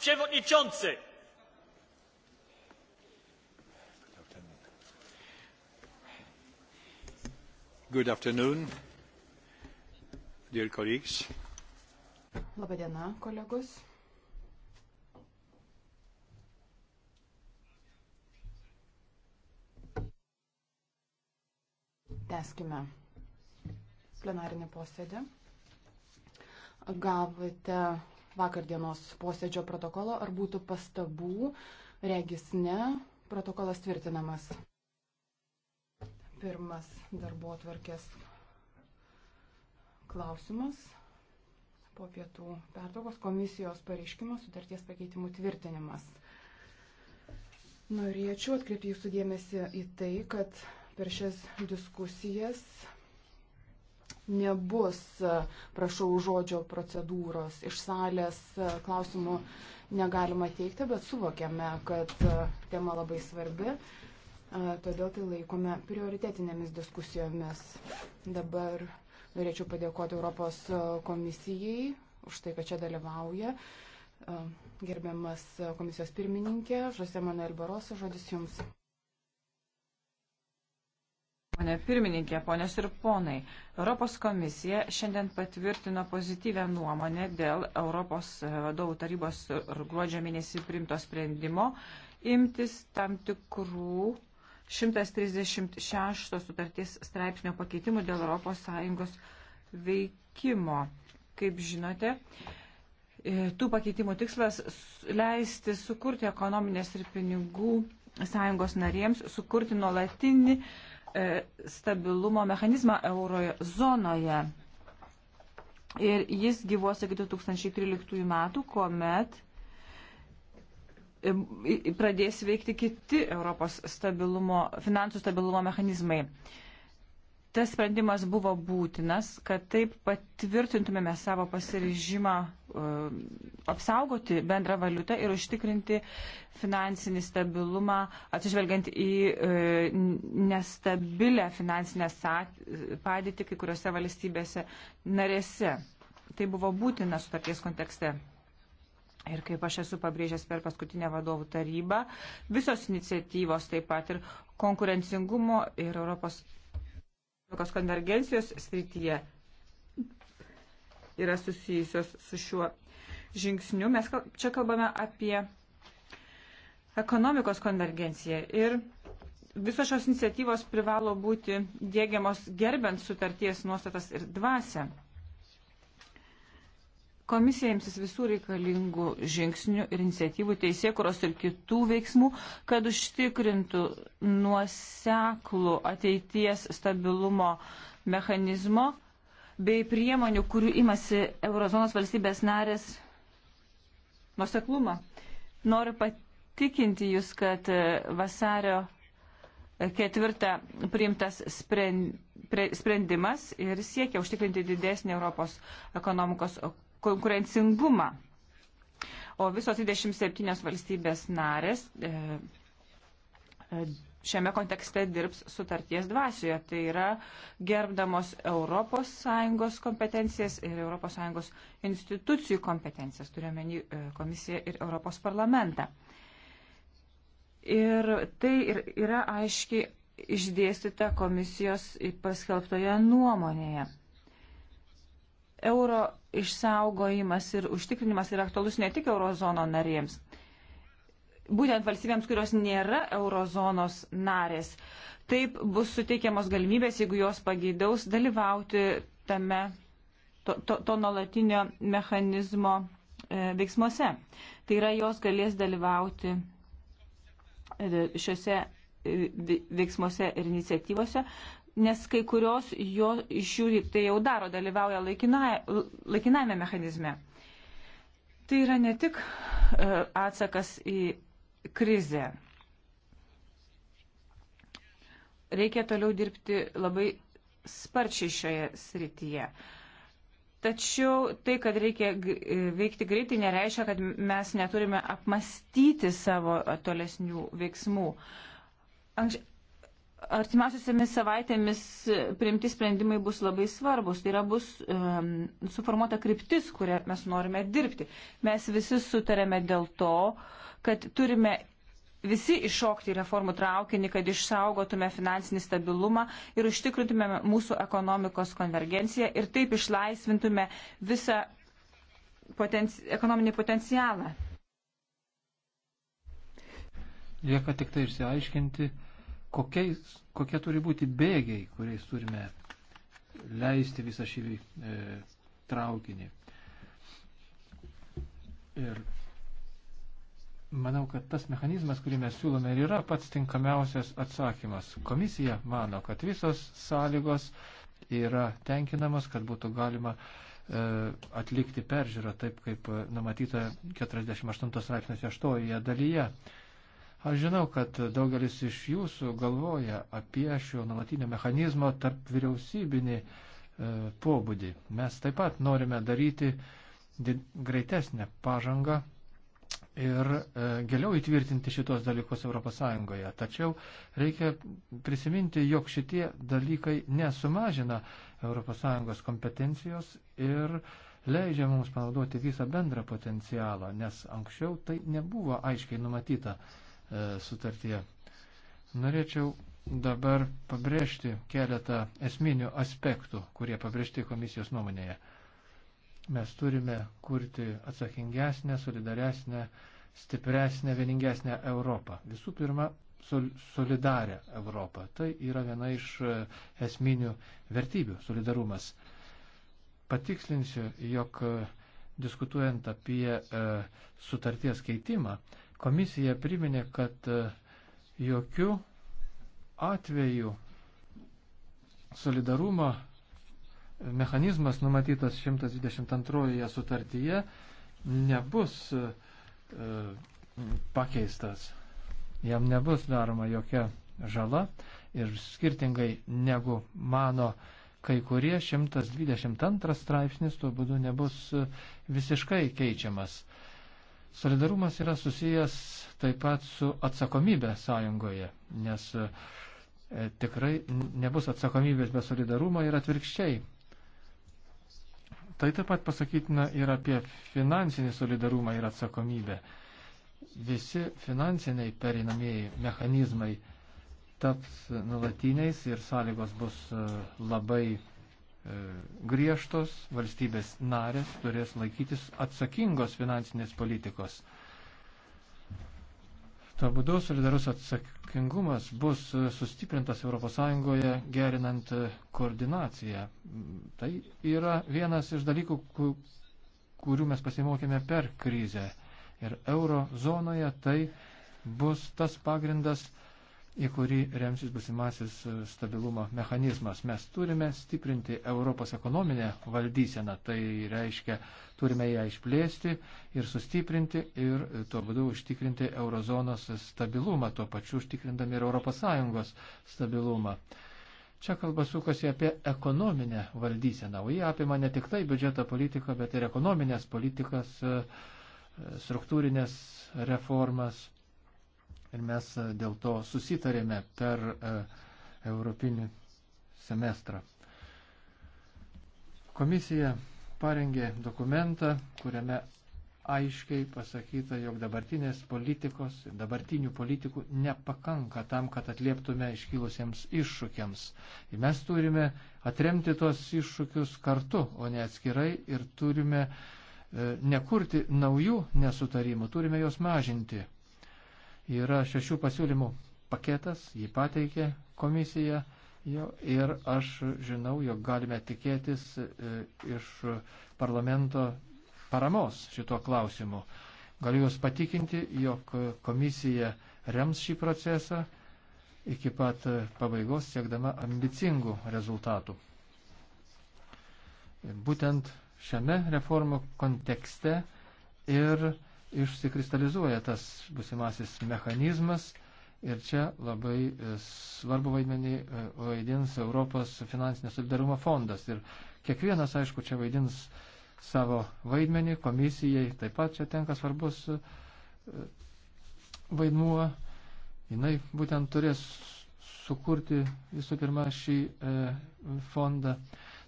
przewodniczący! Good afternoon, dear colleagues. Labadiena, kolegos. Teskime plenarinį posėdį. Gavote vakardienos posėdžio protokolo. Ar būtų pastabų? Regis ne. Protokolas tvirtinamas. Pirmas darbo atvarkės klausimas. Po pietų pertraukos komisijos pareiškimas sutarties pakeitimų tvirtinimas. Norėčiau atkreipti jūsų dėmesį į tai, kad per šias diskusijas nebus, e, prašau žodžio procedūros. Iš salės e, klausimų negalima teikti, bet suvokiame, kad e, tema labai svarbi. Todėl tai laikome prioritetinėmis diskusijomis. Dabar norėčiau padėkoti Europos komisijai už tai, kad čia dalyvauja. Gerbiamas komisijos pirmininkė, Žose Manuel Baroso, žodis jums. Pone pirmininkė, ponios ir ponai, Europos komisija šiandien patvirtino pozityvę nuomonę dėl Europos vadovų tarybos gruodžio mėnesį primto sprendimo imtis tam tikrų 136 sutarties straipsnio pakeitimų dėl ES veikimo. Kaip žinote, e, tų pakeitimų tikslas leisti sukurti ekonominės ir pinigų sąjungos narėms, sukurti nuolatinį uh, E, stabilumo mechanizmą euro zonoje. Ir jis gyvuos iki 2013 metų, kuomet e, pradės veikti kiti Europos stabilumo, finansų stabilumo mechanizmai. Tas sprendimas buvo būtinas, kad taip patvirtintumėme savo pasiryžimą uh, apsaugoti bendrą valiutą ir užtikrinti finansinį stabilumą, atsižvelgiant į uh, nestabilę finansinę padėtį kai kuriuose valstybėse narėse. Tai buvo būtina sutarties kontekste. Ir kaip aš esu pabrėžęs per paskutinę vadovų tarybą, visos iniciatyvos taip pat ir konkurencingumo ir Europos ekonomikos konvergencijos srityje yra susijusios su šiuo žingsniu. Mes čia kalbame apie ekonomikos konvergenciją ir visos šios iniciatyvos privalo būti dėgiamos gerbent sutarties nuostatas ir dvasę. Komisija imsis visų reikalingų žingsnių ir iniciatyvų teisėkuros ir kitų veiksmų, kad užtikrintų nuoseklų ateities stabilumo mechanizmo bei priemonių, kurių imasi Eurozonos valstybės narės nuoseklumą. Noriu patikinti Jūs, kad e, vasario e, ketvirtą priimtas sprendimas ir siekia užtikrinti didesnį Europos ekonomikos konkurencingumą. O visos 27 valstybės narės e, e, šiame kontekste dirbs sutarties dvasioje. Tai yra gerbdamos ES kompetencijas ir ES institucijų kompetencijas, turiuomenį e, komisiją ir Europos parlamentą. Ir tai yra aiškiai išdėstyta komisijos paskelbtoje nuomonėje. Euro išsaugojimas ir užtikrinimas yra aktualus ne tik eurozono narėms. Būtent valstybėms, kurios nėra eurozonos narės. Taip bus suteikiamos galimybės, jeigu jos pageidaus, dalyvauti tame to, to, to nuolatinio mechanizmo e, veiksmuose. Tai yra, jos galės dalyvauti e, šiuose e, veiksmuose ir iniciatyvose, nes kai kurios jo žiūri, tai jau daro, dalyvauja laikiname mechanizme. Tai yra ne tik e, atsakas į krizę. Reikia toliau dirbti labai sparčiai šioje srityje. Tačiau tai, kad reikia e, veikti greitai, nereiškia, kad mes neturime apmastyti savo tolesnių veiksmų. Anks, Artimiausiamis savaitėmis priimti sprendimai bus labai svarbus. Tai yra bus um, suformuota kryptis, kurią mes norime dirbti. Mes visi sutarėme dėl to, kad turime visi iššokti į reformų traukinį, kad išsaugotume finansinį stabilumą ir užtikrintume mūsų ekonomikos konvergenciją ir taip išlaisvintume visą potenci ekonominį potencialą. Lieka tik tai išsiaiškinti kokiais, kokie turi būti bėgiai, kuriais turime leisti visą šį e, traukinį. Ir manau, kad tas mechanizmas, kurį mes siūlome, yra pats tinkamiausias atsakymas. Komisija mano, kad visos sąlygos yra tenkinamos, kad būtų galima e, atlikti peržiūrą taip, kaip numatyta 48 straipsnės 6 dalyje. Aš žinau, kad daugelis iš jūsų galvoja apie šio nuolatinio mechanizmo tarp vyriausybinį e, pobūdį. Mes taip pat norime daryti greitesnę pažangą ir e, giliau įtvirtinti šitos dalykus ES. Tačiau reikia prisiminti, jog šitie dalykai nesumažina ES kompetencijos ir leidžia mums panaudoti visą bendrą potencialą, nes anksčiau tai nebuvo aiškiai numatyta. E, E, sutartyje. Norėčiau dabar pabrėžti keletą esminių aspektų, kurie pabrėžti komisijos nuomonėje. Mes turime kurti atsakingesnę, solidaresnę, stipresnę, vieningesnę Europą. Visų pirma, solidarę Europą. Tai yra viena iš e, esminių vertybių - solidarumas. Patikslinsiu, jog e, diskutuojant apie sutarties keitimą, Komisija priminė, kad e, jokių atvejų solidarumo mechanizmas numatytas 122 sutartyje nebus e, e, pakeistas. Jam nebus daroma jokia žala ir skirtingai negu mano kai kurie 122 straipsnis tuo būdu nebus visiškai keičiamas. Solidarumas yra susijęs taip pat su atsakomybė sąjungoje, nes e, tikrai nebus atsakomybės be solidarumo ir atvirkščiai. Tai taip pat pasakytina ir apie finansinį solidarumą ir atsakomybę. Visi finansiniai perinamieji mechanizmai taps nulatiniais ir sąlygos bus e, labai E, griežtos valstybės narės turės laikytis atsakingos finansinės politikos. Tuo būdu solidarus atsakingumas bus e, sustiprintas ES gerinant e, koordinaciją. Tai yra vienas iš dalykų, kurių mes pasimokėme per krizę. Ir euro zonoje tai bus tas pagrindas, į kurį remsis busimasis stabilumo mechanizmas. Mes turime stiprinti Europos ekonominę valdyseną, tai reiškia, turime ją išplėsti ir sustiprinti ir tuo būdu užtikrinti eurozonos stabilumą, tuo pačiu užtikrindami ir ES stabilumą. Čia kalba sukasi apie ekonominę valdyseną, o jie apima ne tik tai biudžeto politiką, bet ir ekonominės politikas, struktūrinės reformas ir mes e, dėl to susitarėme per e, Europinį semestrą. Komisija parengė dokumentą, kuriame aiškiai pasakyta, jog dabartinės politikos, dabartinių politikų nepakanka tam, kad atlieptume iškilusiems iššūkiams. Ir mes turime atremti tuos iššūkius kartu, o ne atskirai ir turime e, nekurti naujų nesutarimų, turime juos mažinti. Yra šešių pasiūlymų paketas, jį pateikė komisija jo, ir aš žinau, jog galime tikėtis e, iš parlamento paramos šituo klausimu. Galiu Jūs patikinti, jog komisija rems šį procesą iki pat pabaigos siekdama ambicingų rezultatų. Ir būtent šiame reformų kontekste ir išsikristalizuoja tas busimasis mechanizmas ir čia labai e, svarbu vaidmenį e, vaidins Europos finansinio solidarumo fondas. Ir kiekvienas, aišku, čia vaidins savo vaidmenį, komisijai taip pat čia tenka svarbus e, vaidmuo. Jis būtent turės sukurti visų pirma šį fondą.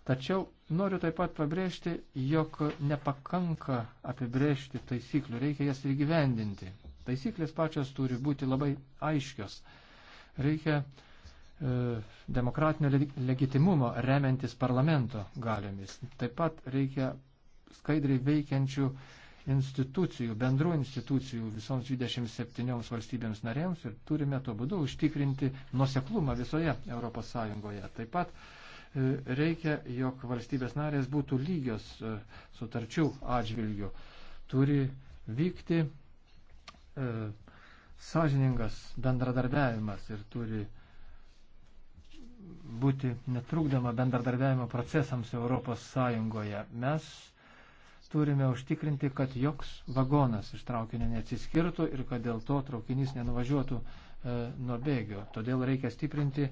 Tačiau noriu taip pat pabrėžti, jog nepakanka apibrėžti taisyklių, reikia jas ir gyvendinti. Taisyklės pačios turi būti labai aiškios. Reikia e, demokratinio legitimumo remiantis parlamento galiomis. Taip pat reikia skaidriai veikiančių institucijų, bendrų institucijų visoms 27 valstybėms narėms ir turime tuo būdu užtikrinti nuseklumą visoje ES. Taip pat reikia, jog valstybės narės būtų lygios e, sutarčių atžvilgių. Turi vykti e, sąžiningas bendradarbiavimas ir turi būti netrukdama bendradarbiavimo procesams Europos Sąjungoje. Mes turime užtikrinti, kad joks vagonas iš traukinio neatsiskirtų ir kad dėl to traukinys nenuvažiuotų e, nuo bėgio. Todėl reikia stiprinti e,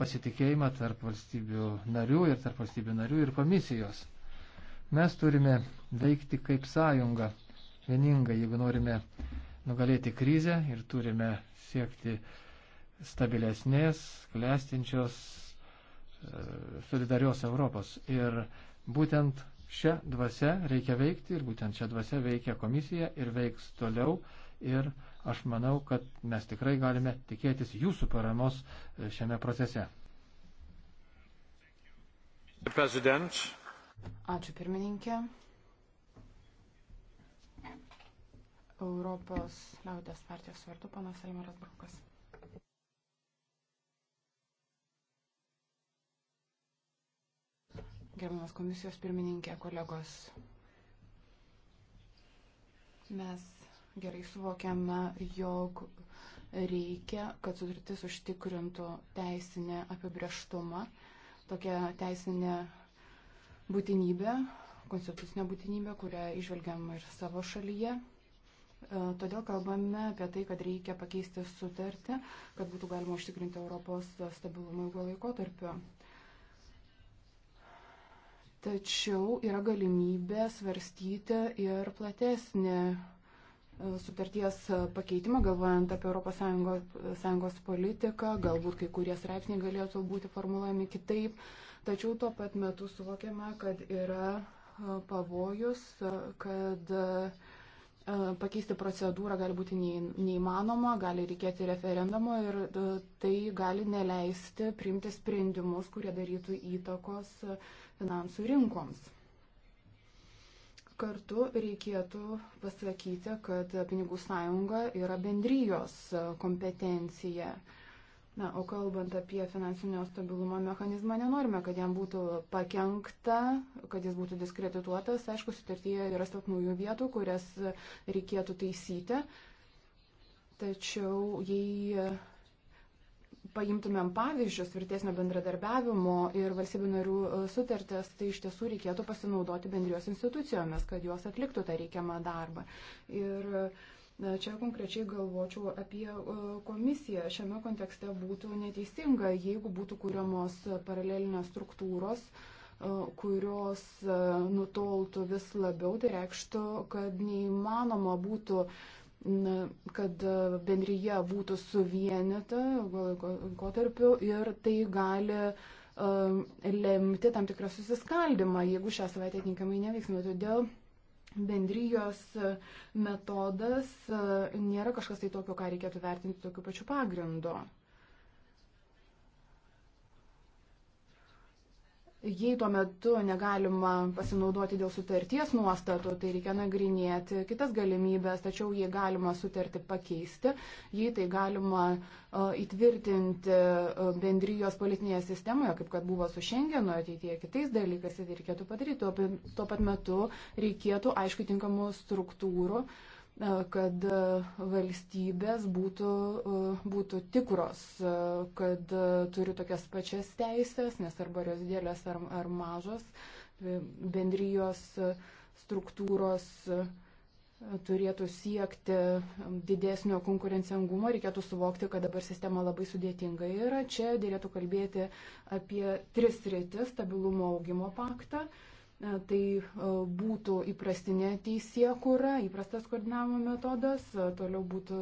pasitikėjimą tarp valstybių narių ir tarp valstybių narių ir komisijos. Mes turime veikti kaip sąjunga vieningai, jeigu norime nugalėti krizę ir turime siekti stabilesnės, klestinčios, e, solidarios Europos. Ir būtent šią dvasę reikia veikti ir būtent šią dvasę veikia komisija ir veiks toliau. Ir Aš manau, kad mes tikrai galime tikėtis jūsų paramos e, šiame procese. President. Ačiū pirmininkė. Europos liaudės partijos vardu panas Elmaras Brukas. Gerbiamas komisijos pirmininkė, kolegos, mes gerai suvokiame, jog reikia, kad sutartis užtikrintų teisinę apibrieštumą, tokia teisinė būtinybė, konstitucinė būtinybė, kurią išvelgiam ir savo šalyje. E, todėl kalbame apie tai, kad reikia pakeisti sutartį, kad būtų galima užtikrinti Europos stabilumą ilgo laikotarpio. Tačiau yra galimybė svarstyti ir platesnį sutarties pakeitimą, galvojant apie ES politiką, galbūt kai kurie straipsniai galėtų būti formuluojami kitaip, tačiau tuo pat metu suvokiame, kad yra e, pavojus, e, kad e, pakeisti procedūrą gali būti neįmanoma, gali reikėti referendumo ir tai gali neleisti priimti sprendimus, kurie darytų įtakos finansų rinkoms. Kartu reikėtų pasakyti, kad pinigų sąjunga yra bendrijos kompetencija. Na, o kalbant apie finansinio stabilumo mechanizmą, nenorime, kad jam būtų pakengta, kad jis būtų diskredituotas. Aišku, sutartyje yra silpnųjų vietų, kurias reikėtų taisyti. Tačiau jei paimtumėm pavyzdžius tvirtesnio bendradarbiavimo ir valstybių narių e, sutartis, tai iš tiesų reikėtų pasinaudoti bendrijos institucijomis, kad jos atliktų tą reikiamą darbą. Ir e, čia konkrečiai galvočiau apie e, komisiją. Šiame kontekste būtų neteisinga, jeigu būtų kūriamos paralelinės struktūros kurios nutoltų vis labiau, tai reikštų, kad neįmanoma būtų uh, kad e, bendryje būtų suvienita laikotarpiu ir tai gali um, lemti tam tikrą susiskaldimą, jeigu šią savaitę tinkamai neveiksime. Nu, todėl bendrijos e, metodas nėra kažkas tai tokio, ką reikėtų vertinti tokiu pačiu pagrindu. Jei tuo metu negalima pasinaudoti dėl sutarties nuostatų, tai reikia nagrinėti kitas galimybės, tačiau jei galima sutartį pakeisti, jei tai galima uh, įtvirtinti uh, bendrijos politinėje sistemoje, kaip kad buvo su Schengenu ateityje kitais dalykais, tai reikėtų padaryti. Tuo, tuo pat metu reikėtų aišku tinkamų struktūrų uh, E, kad e, valstybės būtų, e, būtų tikros, kad turi tokias pačias teisės, nesvarbu ar jos dėlės ar, ar mažos, bendrijos struktūros turėtų siekti didesnio konkurencingumo, reikėtų suvokti, kad dabar sistema labai sudėtinga yra. Čia dėlėtų kalbėti apie tris rytis - stabilumo augimo paktą, uh, E, tai e, būtų įprastinė teisėkūra, įprastas koordinavimo metodas, e, toliau būtų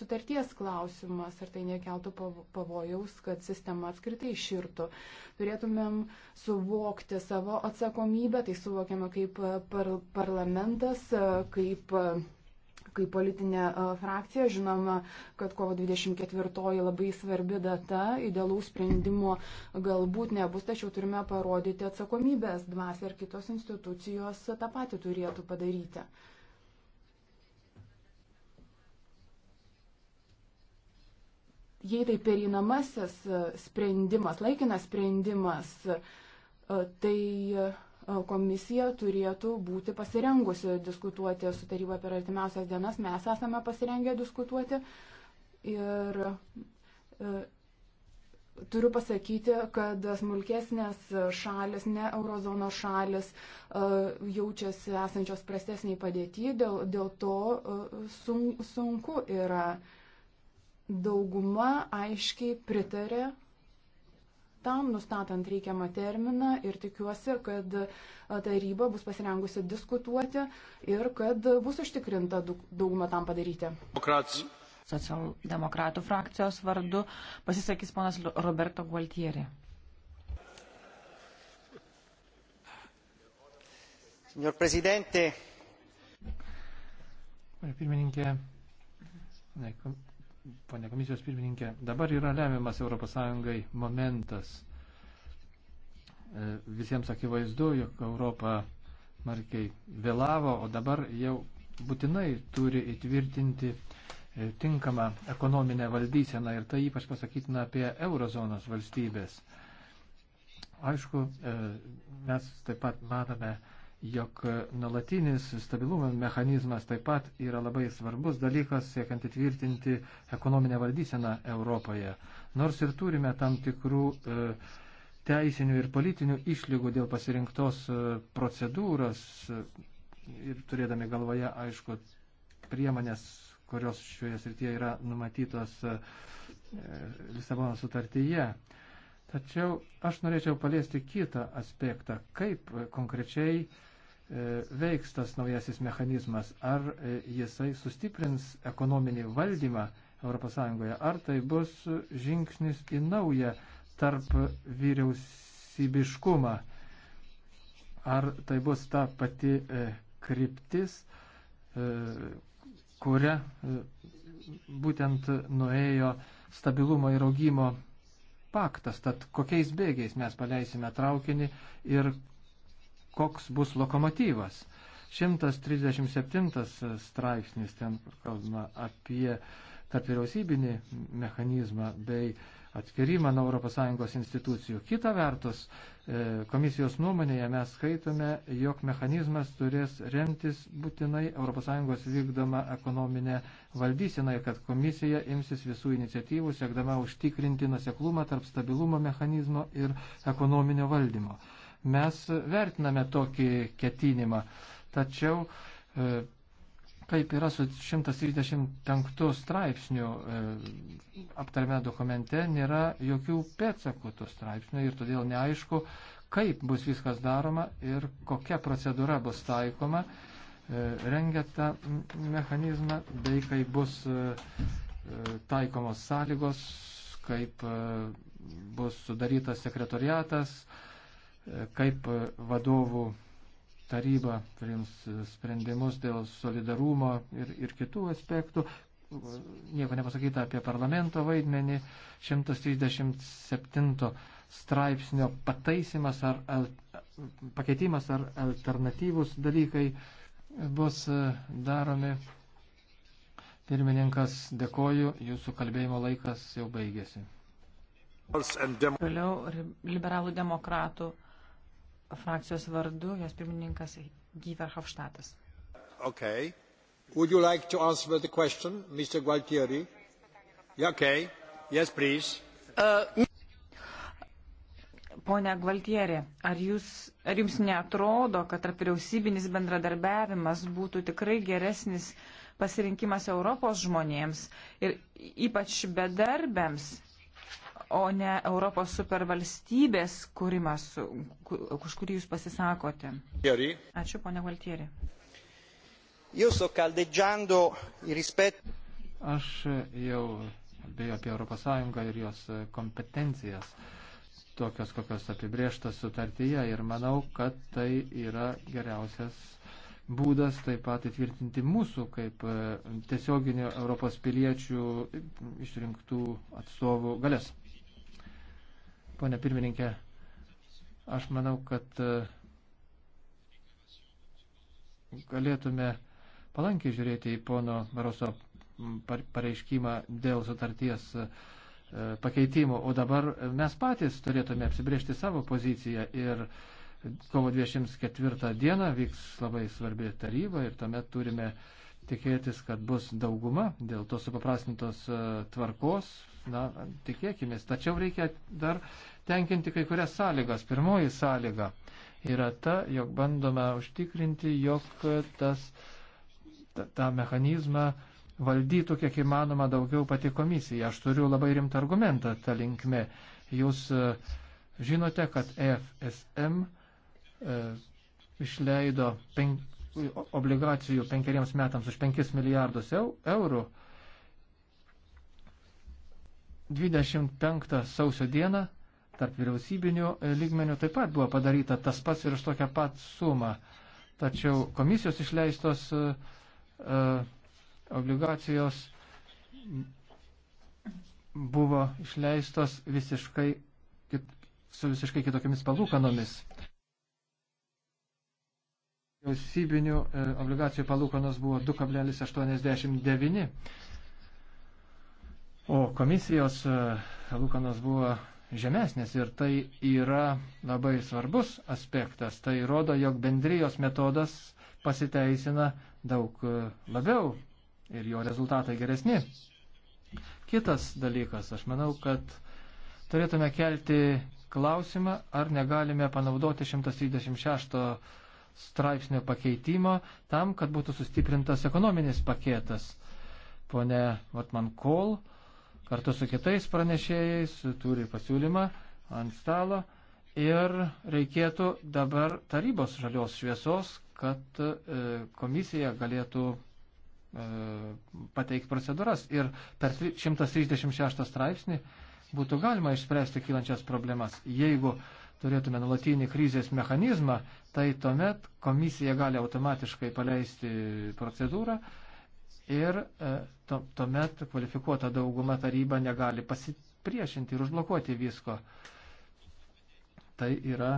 sutarties klausimas, ar tai nekeltų pavojaus, kad sistema apskritai širtų. Turėtumėm suvokti savo atsakomybę, tai suvokiame kaip par parlamentas, kaip kaip politinė frakcija. Žinoma, kad kovo 24 labai svarbi data, idealaus sprendimo galbūt nebus, tačiau turime parodyti atsakomybės dvasę ir kitos institucijos tą patį turėtų padaryti. Jei tai perinamasis sprendimas, laikinas sprendimas, tai komisija turėtų būti pasirengusi diskutuoti su taryba per artimiausias dienas. Mes esame pasirengę diskutuoti. Ir e, turiu pasakyti, kad smulkesnės šalis, ne eurozono šalis, e, jaučiasi esančios prastesniai padėti, dėl, dėl to e, sun, sunku yra. Dauguma aiškiai pritarė tam, nustatant reikiamą terminą ir tikiuosi, kad taryba bus pasirengusi diskutuoti ir kad bus užtikrinta dauguma tam padaryti. Demokrats. Socialdemokratų frakcijos vardu pasisakys ponas Roberto Gualtieri. Signor Presidente. Pirmininkė, ponė komisijos pirmininkė, dabar yra lemiamas ES momentas. E, visiems akivaizdu, jog Europa markiai vėlavo, o dabar jau būtinai turi įtvirtinti e, tinkamą ekonominę valdyseną ir tai ypač pasakytina apie eurozonos valstybės. Aišku, e, mes taip pat matome, jog nuolatinis stabilumo mechanizmas taip pat yra labai svarbus dalykas siekiant įtvirtinti ekonominę valdyseną Europoje. Nors ir turime tam tikrų e, teisinių ir politinių išlygų dėl pasirinktos e, procedūros e, ir turėdami galvoje, aišku, priemonės, kurios šioje srityje yra numatytos e, Lisabono sutartyje. Tačiau aš norėčiau paliesti kitą aspektą, kaip konkrečiai e, E, veiks tas naujasis mechanizmas, ar e, jisai sustiprins ekonominį valdymą ES, ar tai bus žingsnis į naują tarp vyriausybiškumą, ar tai bus ta pati e, kryptis, kuria būtent nuėjo stabilumo ir augimo paktas, tad kokiais bėgiais mes paleisime traukinį ir koks bus lokomotyvas. 137 straipsnis ten kalbama apie tarp vyriausybinį mechanizmą bei atskirimą nuo ES institucijų. Kita vertus, e, komisijos nuomonėje mes skaitome, jog mechanizmas turės remtis būtinai ES vykdoma ekonominė valdysena ir kad komisija imsis visų iniciatyvų, siekdama užtikrinti nuseklumą tarp stabilumo mechanizmo ir ekonominio valdymo. Mes vertiname tokį ketinimą. Tačiau, e, kaip yra su 135 straipsniu e, aptarime dokumente, nėra jokių pėtsakų to straipsnio ir todėl neaišku, kaip bus viskas daroma ir kokia procedūra bus taikoma, e, rengiant tą mechanizmą, bei kaip bus taikomos sąlygos, kaip bus sudarytas sekretoriatas, kaip vadovų taryba priims sprendimus dėl solidarumo ir, ir kitų aspektų. Nieko nepasakyta apie parlamento vaidmenį. 137 straipsnio pataisimas ar al, pakeitimas ar alternatyvus dalykai bus e, daromi. Pirmininkas, dėkoju, jūsų kalbėjimo laikas jau baigėsi. Toliau liberalų demokratų frakcijos vardu, jos pirmininkas Gyver Hofštatas. Okay. Would you like to answer the question, Mr. Gualtieri? Yeah, okay. Yes, please. Uh, Pone Gvaltieri, ar, jūs, ar jums neatrodo, kad tarp vyriausybinis bendradarbiavimas būtų tikrai geresnis pasirinkimas Europos žmonėms ir ypač bedarbėms, o ne Europos supervalstybės kūrimas, už kurį jūs pasisakote. Gerai. Ačiū, ponia Valtieri. Jūsų kaldedžiando ir įspėt. Aš jau kalbėjau apie Europos Sąjungą ir jos kompetencijas, tokios kokios apibrieštas sutartyje ir manau, kad tai yra geriausias būdas taip pat įtvirtinti mūsų kaip e, tiesioginių Europos piliečių išrinktų atstovų galės. Pone pirmininkė, aš manau, kad e, galėtume palankiai žiūrėti į pono Maroso pareiškimą dėl sutarties e, pakeitimų, o dabar mes patys turėtume apsibriežti savo poziciją ir kovo 24 dieną vyks labai svarbi taryba ir tuomet turime tikėtis, kad bus dauguma dėl tos supaprastintos e, tvarkos, na, tikėkime. Tačiau reikia dar tenkinti kai kurias sąlygas. Pirmoji sąlyga yra ta, jog bandome užtikrinti, jog tas, ta, tą mechanizmą valdytų kiek įmanoma daugiau pati komisija. Aš turiu labai rimtą argumentą tą linkmę. Jūs e, žinote, kad FSM e, išleido penk, obligacijų penkeriems metams už 5 milijardus eurų. E, 25 sausio dieną tarp vyriausybinių lygmenių taip pat buvo padaryta tas pats ir už tokią pat sumą. Tačiau komisijos išleistos e, e obligacijos buvo išleistos visiškai kit, su visiškai kitokiamis palūkanomis. Vyriausybinių e, obligacijų palūkanos buvo 2,89 O komisijos e, palūkanos buvo žemesnės ir tai yra labai svarbus aspektas. Tai rodo, jog bendrijos metodas pasiteisina daug e, labiau ir jo rezultatai geresni. Kitas dalykas, aš manau, kad turėtume kelti klausimą, ar negalime panaudoti 136 straipsnio pakeitimo tam, kad būtų sustiprintas ekonominis paketas. Pone Vatman Kol, uh, kartu su kitais pranešėjais turi pasiūlymą ant stalo ir reikėtų dabar tarybos žalios šviesos, kad e, komisija galėtų e, pateikti procedūras ir per 136 straipsnį būtų galima išspręsti kylančias problemas. Jeigu turėtume nulatinį krizės mechanizmą, tai tuomet komisija gali automatiškai paleisti procedūrą ir e, to, tuomet kvalifikuota dauguma taryba negali pasipriešinti ir užblokuoti visko. Tai yra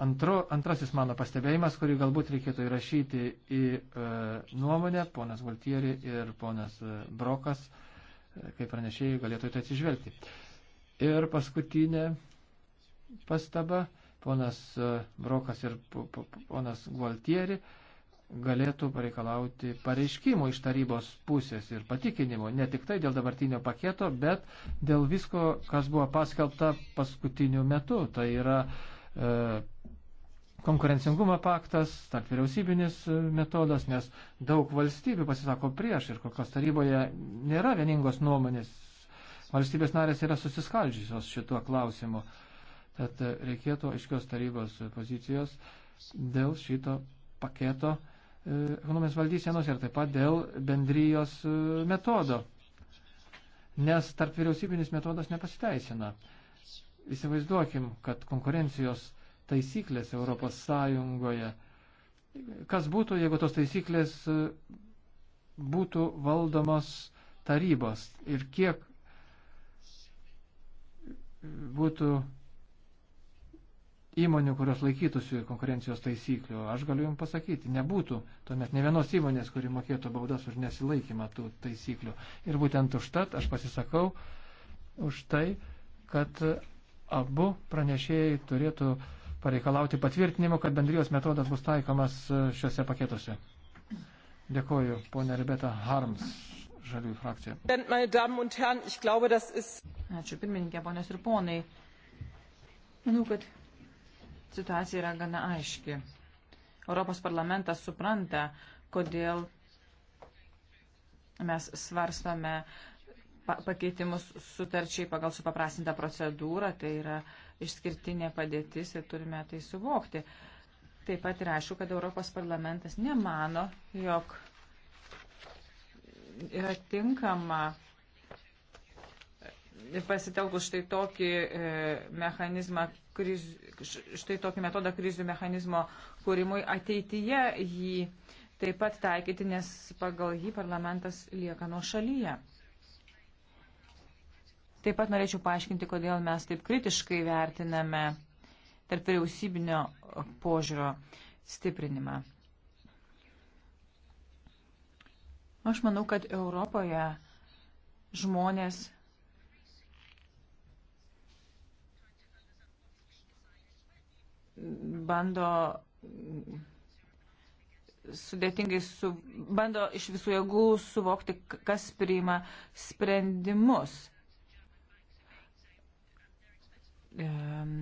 antro, antrasis mano pastebėjimas, kurį galbūt reikėtų įrašyti į e, nuomonę, ponas Valtieri ir ponas e, Brokas, e, kaip pranešėjai, galėtų tai atsižvelgti. Ir paskutinė pastaba, ponas e, Brokas ir ponas Gualtieri. E, galėtų pareikalauti pareiškimo iš tarybos pusės ir patikinimo, ne tik tai dėl dabartinio paketo, bet dėl visko, kas buvo paskelbta paskutiniu metu. Tai yra e, konkurencingumo paktas, tarp vyriausybinis e, metodas, nes daug valstybių pasisako prieš ir kokios taryboje nėra vieningos nuomonės. Valstybės narės yra susiskaldžiusios šituo klausimu. Tad e, reikėtų aiškios tarybos pozicijos dėl šito paketo E, ekonominės valdysenos ir taip pat dėl bendrijos e, metodo. Nes tarp vyriausybinis metodas nepasiteisina. Įsivaizduokim, kad konkurencijos taisyklės Europos Sąjungoje. Kas būtų, jeigu tos taisyklės e, būtų valdomos tarybos ir kiek būtų įmonių, kurios laikytųsi konkurencijos taisyklių. Aš galiu Jums pasakyti, nebūtų tuomet ne vienos įmonės, kuri mokėtų baudas už nesilaikymą tų taisyklių. Ir būtent už tad aš pasisakau už tai, kad abu pranešėjai turėtų pareikalauti patvirtinimo, kad bendrijos metodas bus taikomas šiuose paketuose. Dėkoju, ponė Rebeta Harms, žaliųjų frakcija. Ačiū, pirmininkė, ponės ir ponai. Manau, kad situacija yra gana aiški. Europos parlamentas supranta, kodėl mes svarstame pakeitimus sutarčiai pagal supaprastintą procedūrą, tai yra išskirtinė padėtis ir turime tai suvokti. Taip pat ir aišku, kad Europos parlamentas nemano, jog yra tinkama pasitelkus štai tokį e, mechanizmą, kriz, štai tokį metodą krizių mechanizmo kūrimui ateityje jį taip pat taikyti, nes pagal jį parlamentas lieka nuo šalyje. Taip pat norėčiau paaiškinti, kodėl mes taip kritiškai vertiname tarp vyriausybinio požiūrio stiprinimą. Aš manau, kad Europoje žmonės bando sudėtingai su, bando iš visų jėgų suvokti, kas priima sprendimus. Um,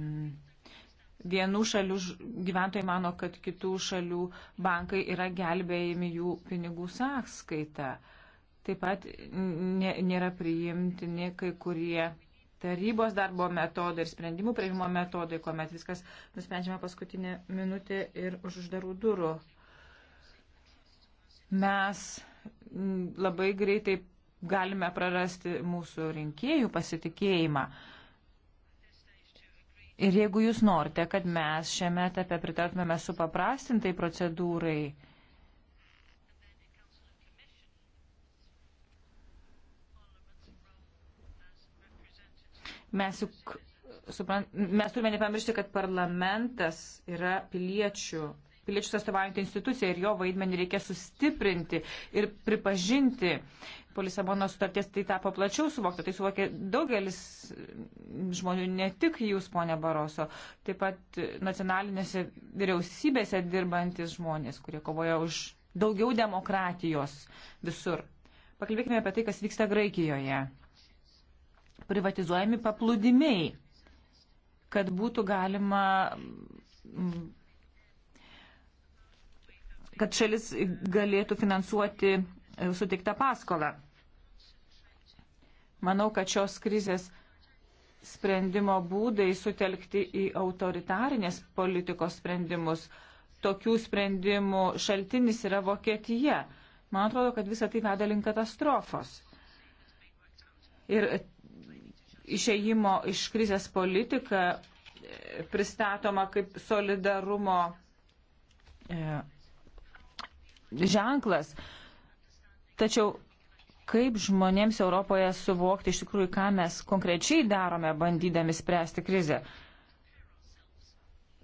vienų šalių gyventojai mano, kad kitų šalių bankai yra gelbėjami jų pinigų sąskaita. Taip pat nėra priimtini kai kurie tarybos darbo metodai ir sprendimų prieimimo metodai, kuomet viskas nusprendžiama paskutinė minutė ir už uždarų durų. Mes labai greitai galime prarasti mūsų rinkėjų pasitikėjimą. Ir jeigu jūs norite, kad mes šiame etape pritartumėme supaprastintai procedūrai, Mes juk suprant, mes turime nepamiršti, kad parlamentas yra piliečių piliečius atstovaujantį instituciją ir jo vaidmenį reikia sustiprinti ir pripažinti. Po Lisabono sutarties tai tapo plačiau suvokta, tai suvokė daugelis žmonių, ne tik jūs, ponė Baroso, taip pat nacionalinėse vyriausybėse dirbantis žmonės, kurie kovoja už daugiau demokratijos visur. Pakalbėkime apie tai, kas vyksta Graikijoje privatizuojami paplūdimiai, kad būtų galima mm, kad šalis galėtų finansuoti e, suteiktą paskolą. Manau, kad šios krizės sprendimo būdai sutelkti į autoritarinės politikos sprendimus. Tokių sprendimų šaltinis yra Vokietija. Man atrodo, kad visa tai veda link katastrofos. Ir išėjimo iš krizės politika e, pristatoma kaip solidarumo e, ženklas. Tačiau kaip žmonėms Europoje suvokti iš tikrųjų, ką mes konkrečiai darome, bandydami spręsti krizę.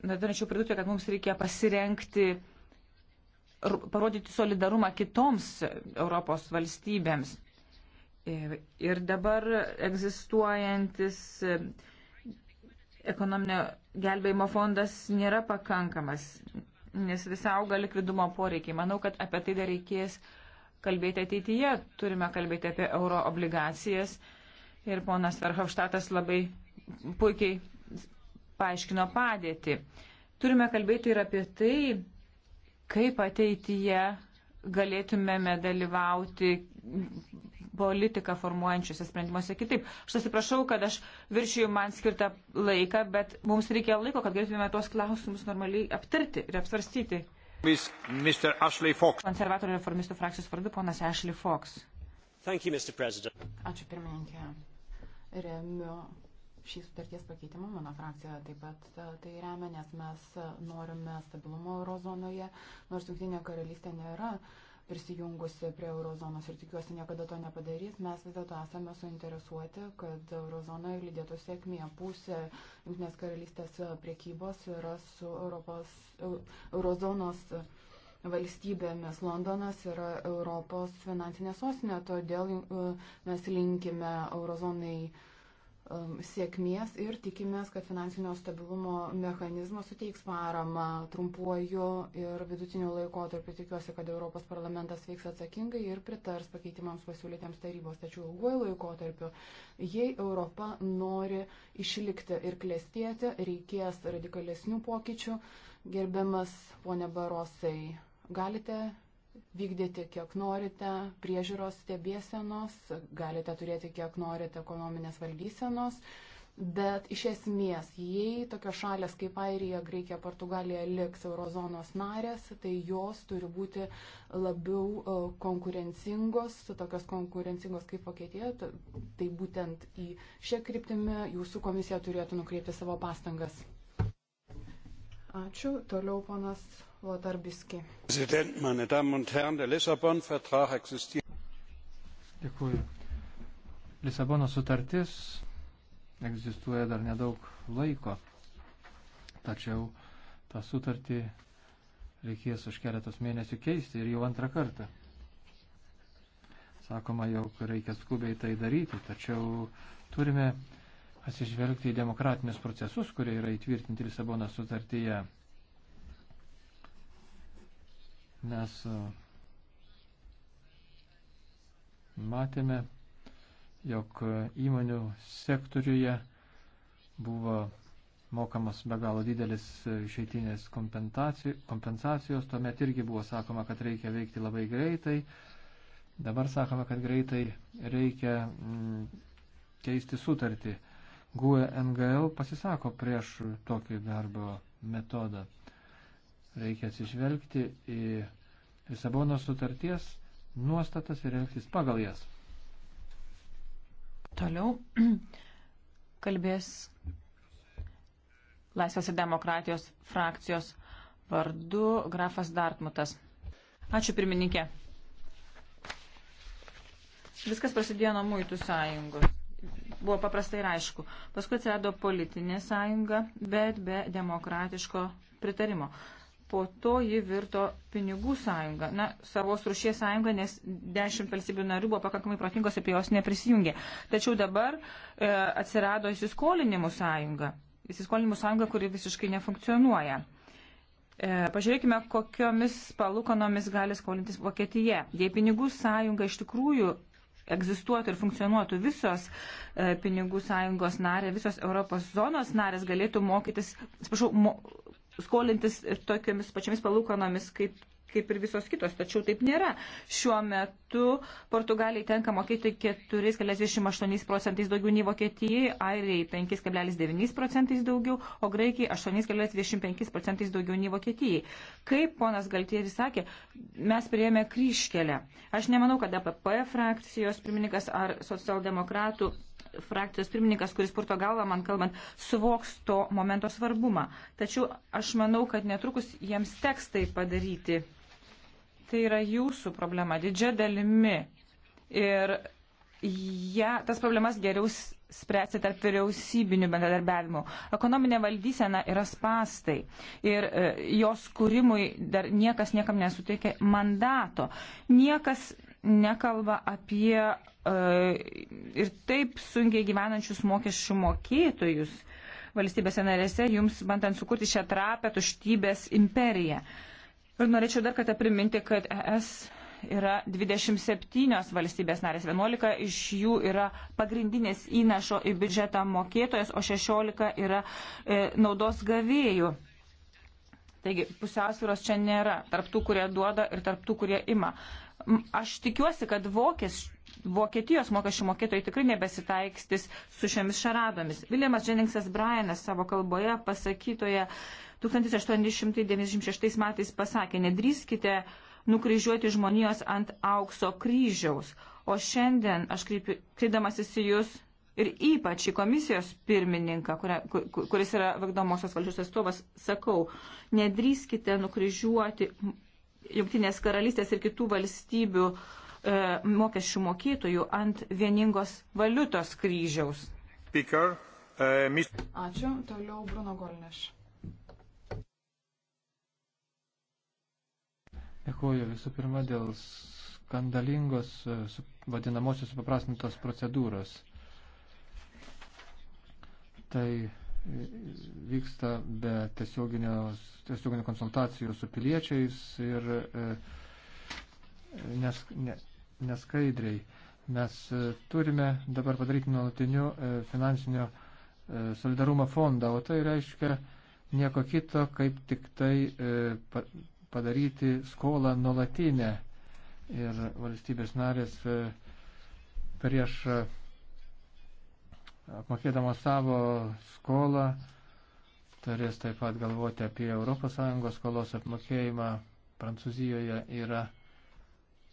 Dar norėčiau pridurti, kad mums reikia pasirenkti, parodyti solidarumą kitoms Europos valstybėms. Ir dabar egzistuojantis ekonominio gelbėjimo fondas nėra pakankamas, nes visa auga likvidumo poreikiai. Manau, kad apie tai dar reikės kalbėti ateityje. Turime kalbėti apie euro obligacijas. Ir ponas Verhofštatas labai puikiai paaiškino padėtį. Turime kalbėti ir apie tai, kaip ateityje galėtumėme dalyvauti politiką formuojančiuose sprendimuose kitaip. Aš atsiprašau, kad aš viršiju man skirtą laiką, bet mums reikia laiko, kad galėtume tuos klausimus normaliai aptarti ir apsvarstyti. Konservatorių reformistų frakcijos vardu ponas Ashley Fox. Thank you, Mr. President. Ačiū pirmininkė. Remiu šį sutarties pakeitimą, mano frakcija taip pat tai remia, nes mes norime stabilumo eurozonoje, nors Junktinė karalystė nėra uh, prisijungusi prie eurozonos ir tikiuosi niekada to nepadarys. Mes vis dėlto esame suinteresuoti, kad eurozonoje lydėtų sėkmė. Pusė Junktinės karalystės priekybos yra su Europos, eurozonos valstybėmis. Londonas yra Europos finansinė sostinė, todėl e, mes linkime eurozonai Um, sėkmės ir tikimės, kad finansinio stabilumo mechanizmas suteiks paramą trumpuoju ir vidutiniu laikotarpiu. Tikiuosi, kad Europos parlamentas veiks atsakingai ir pritars pakeitimams pasiūlytiems tarybos. Tačiau ilguoju laikotarpiu, jei Europa nori išlikti ir klėstėti, reikės radikalesnių pokyčių. Gerbiamas ponė Barosai, galite vykdyti kiek norite priežiūros stebėsenos, galite turėti kiek norite ekonominės valdysenos, bet iš esmės, jei tokios šalės kaip Airija, Graikija, Portugalija liks eurozonos narės, tai jos turi būti labiau e, konkurencingos, tokios konkurencingos kaip Vokietija, tai būtent į šią kryptimį jūsų komisija turėtų nukreipti savo pastangas. Ačiū. Toliau ponas Votarbiski. Dėkuoju. Lisabono sutartis egzistuoja dar nedaug laiko, tačiau tą sutartį reikės už keletos mėnesių keisti ir jau antrą kartą. Sakoma, jog reikia skubiai tai daryti, tačiau turime atsižvelgti į demokratinius procesus, kurie yra įtvirtinti Lisabono sutartyje. Mes e, matėme, jog e, įmonių sektoriuje buvo mokamos be galo didelis e, išeitinės kompensacijos, tuomet irgi buvo sakoma, kad reikia veikti labai greitai, dabar sakoma, kad greitai reikia mm, keisti sutartį. GUE NGL pasisako prieš tokį darbo metodą. Reikia atsižvelgti į Lisabono sutarties nuostatas ir elgtis pagal jas. Toliau kalbės Laisvės ir demokratijos frakcijos vardu grafas Dartmutas. Ačiū pirmininkė. Viskas prasidėjo nuo muitų sąjungos. Buvo paprastai ir aišku. Paskui atsirado politinė sąjunga, bet be demokratiško pritarimo po to ji virto pinigų sąjunga. Na, savos rušies sąjunga, nes dešimt valstybių narių buvo pakankamai protingos ir prie jos neprisijungė. Tačiau dabar e, atsirado įsiskolinimų sąjunga. Įsiskolinimų sąjunga, kuri visiškai nefunkcionuoja. E, pažiūrėkime, kokiomis palūkanomis gali skolintis Vokietija. Jei pinigų sąjunga iš tikrųjų egzistuotų ir funkcionuotų visos e, pinigų sąjungos narė, visos Europos zonos narės galėtų mokytis, atsiprašau, mo, skolintis tokiamis pačiamis palūkanomis kaip kaip ir visos kitos, tačiau taip nėra. Šiuo metu Portugalijai tenka mokėti 4,28 procentais daugiau nei Vokietijai, Airijai 5,9 procentais daugiau, o Graikijai 8,25 procentais daugiau nei Vokietijai. Kaip ponas Galtieris sakė, mes prieėmė kryškelę. Aš nemanau, kad APP frakcijos pirmininkas ar socialdemokratų frakcijos pirmininkas, kuris purto galvą man kalbant, suvoks to momento svarbumą. Tačiau aš manau, kad netrukus jiems teks tai padaryti. Tai yra jūsų problema, didžia dalimi. Ir ja, tas problemas geriau spręsti tarp vyriausybinių bendradarbiavimų. Ekonominė valdysena yra spastai ir e, jos kūrimui dar niekas niekam nesuteikė mandato. Niekas nekalba apie e, ir taip sunkiai gyvenančius mokesčių mokėtojus valstybėse narėse, jums bandant sukurti šią trapę tuštybės imperiją. Ir norėčiau dar kartą priminti, kad ES yra 27 valstybės narės, 11 iš jų yra pagrindinės įnašo į biudžetą mokėtojas, o 16 yra e, naudos gavėjų. Taigi pusiausvyros čia nėra, tarptų, kurie duoda ir tarptų, kurie ima. Aš tikiuosi, kad vokės, Vokietijos mokesčių mokėtojai tikrai nebesitaikstys su šiomis šaradomis. Viljamas Dženningsas Brianas savo kalboje pasakytoje 1896 metais pasakė, nedrįskite nukryžiuoti žmonijos ant aukso kryžiaus. O šiandien aš kreipiu, kreidamasis į jūs ir ypač į komisijos pirmininką, kuria, kuris yra vykdomosios valdžios atstovas, sakau, nedrįskite nukryžiuoti Junktinės karalystės ir kitų valstybių e, mokesčių mokėtojų ant vieningos valiutos kryžiaus. Speaker, uh, mis... Ačiū. Toliau Bruno Golneš. Dėkuoju visų pirma dėl skandalingos e, vadinamosios supaprastintos procedūros. Tai vyksta be tiesioginių konsultacijų su piliečiais ir e, nes, ne, neskaidriai. Mes e, turime dabar padaryti nuolatinių e, finansinio solidarumo fondą, o tai reiškia nieko kito, kaip tik tai padaryti skolą nuolatinę ir valstybės narės prieš apmokėdamos savo skolą, turės taip pat galvoti apie ES skolos apmokėjimą. Prancūzijoje yra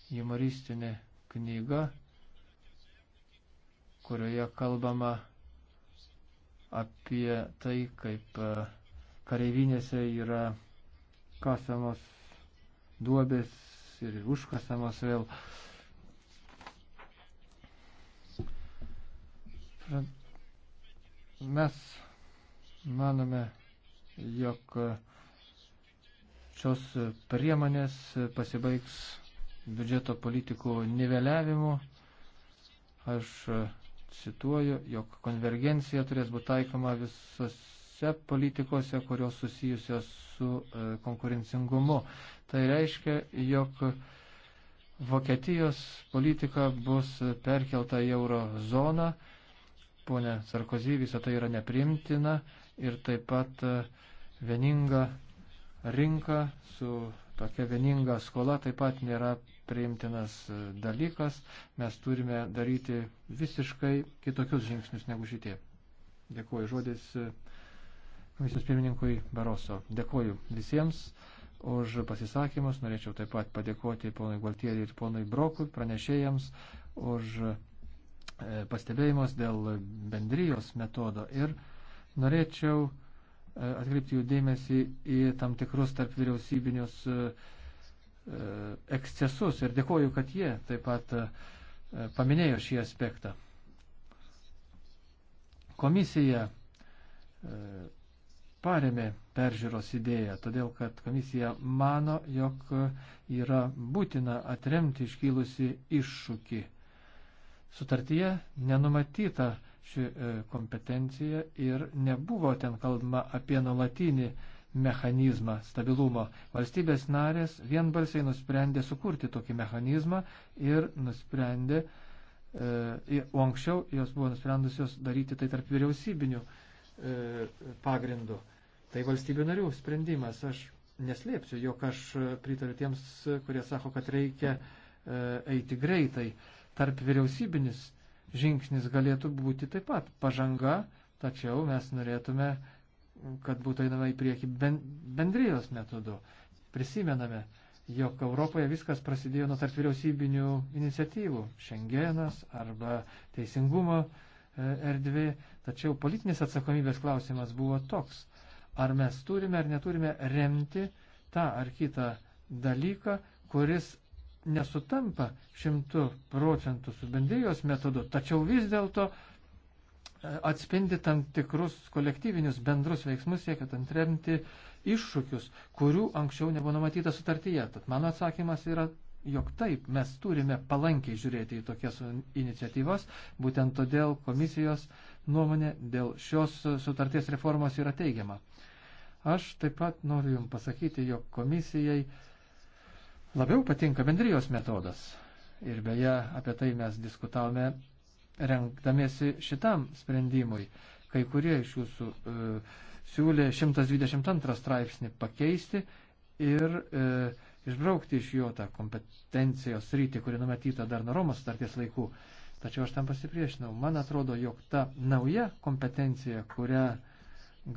humoristinė knyga, kurioje kalbama apie tai, kaip e, kareivinėse yra kasamos duobės ir užkasamos vėl. Pran Mes manome, jog šios priemonės pasibaigs biudžeto politikų niveliavimu. Aš cituoju, jog konvergencija turės būti taikoma visose politikose, kurios susijusios su e, konkurencingumu. Tai reiškia, jog Vokietijos politika bus perkelta į eurozoną ponė Sarkozy, visą tai yra neprimtina ir taip pat e, vieninga rinka su tokia vieninga skola taip pat nėra priimtinas e, dalykas. Mes turime daryti visiškai kitokius žingsnius negu šitie. Dėkuoju žodis e, komisijos pirmininkui Baroso. Dėkuoju visiems už pasisakymus. Norėčiau taip pat padėkoti ponui Gualtieriui ir ponui Brokui, pranešėjams, už E, pastebėjimus dėl bendrijos metodo ir norėčiau e, atkreipti jų dėmesį į tam tikrus tarp vyriausybinius e, ekscesus ir dėkoju, kad jie taip pat paminėjo šį aspektą. Komisija paremė peržiūros idėją, todėl kad komisija mano, jog yra būtina atremti iškilusi iššūkį Sutartyje nenumatyta ši e, kompetencija ir nebuvo ten kalbama apie nuolatinį mechanizmą stabilumo. Valstybės narės vienbalsiai nusprendė sukurti tokį mechanizmą ir nusprendė, e, o anksčiau jos buvo nusprendusios daryti tai tarp vyriausybinių e, pagrindų. Tai valstybių narių sprendimas. Aš neslėpsiu, jog aš pritariu tiems, kurie sako, kad reikia e, eiti greitai. E, tarp vyriausybinis žingsnis galėtų būti taip pat pažanga, tačiau mes norėtume, kad būtų einama į priekį bendrijos metodu. Prisimename, jog Europoje viskas prasidėjo nuo tarp vyriausybinių iniciatyvų - Šengenas arba teisingumo e, erdvė, tačiau politinės atsakomybės klausimas buvo toks, ar mes turime ar neturime remti tą ar kitą dalyką, kuris nesutampa šimtų procentų su bendrijos metodu, tačiau vis dėlto e, atspindi tam tikrus kolektyvinius bendrus veiksmus, siekiant antremti iššūkius, kurių anksčiau nebuvo numatyta sutartyje. Tad mano atsakymas yra, jog taip, mes turime palankiai žiūrėti į tokias iniciatyvas, būtent todėl komisijos nuomonė dėl šios sutarties reformos yra teigiama. Aš taip pat noriu Jums pasakyti, jog komisijai Labiau patinka bendrijos metodas. Ir beje, apie tai mes diskutavome renkdamiesi šitam sprendimui. Kai kurie iš jūsų e, siūlė 122 straipsnį pakeisti ir e, išbraukti iš jo tą kompetencijos rytį, kuri numatyta dar nuo Romos starties laikų. Tačiau aš tam pasipriešinau. Man atrodo, jog ta nauja kompetencija, kurią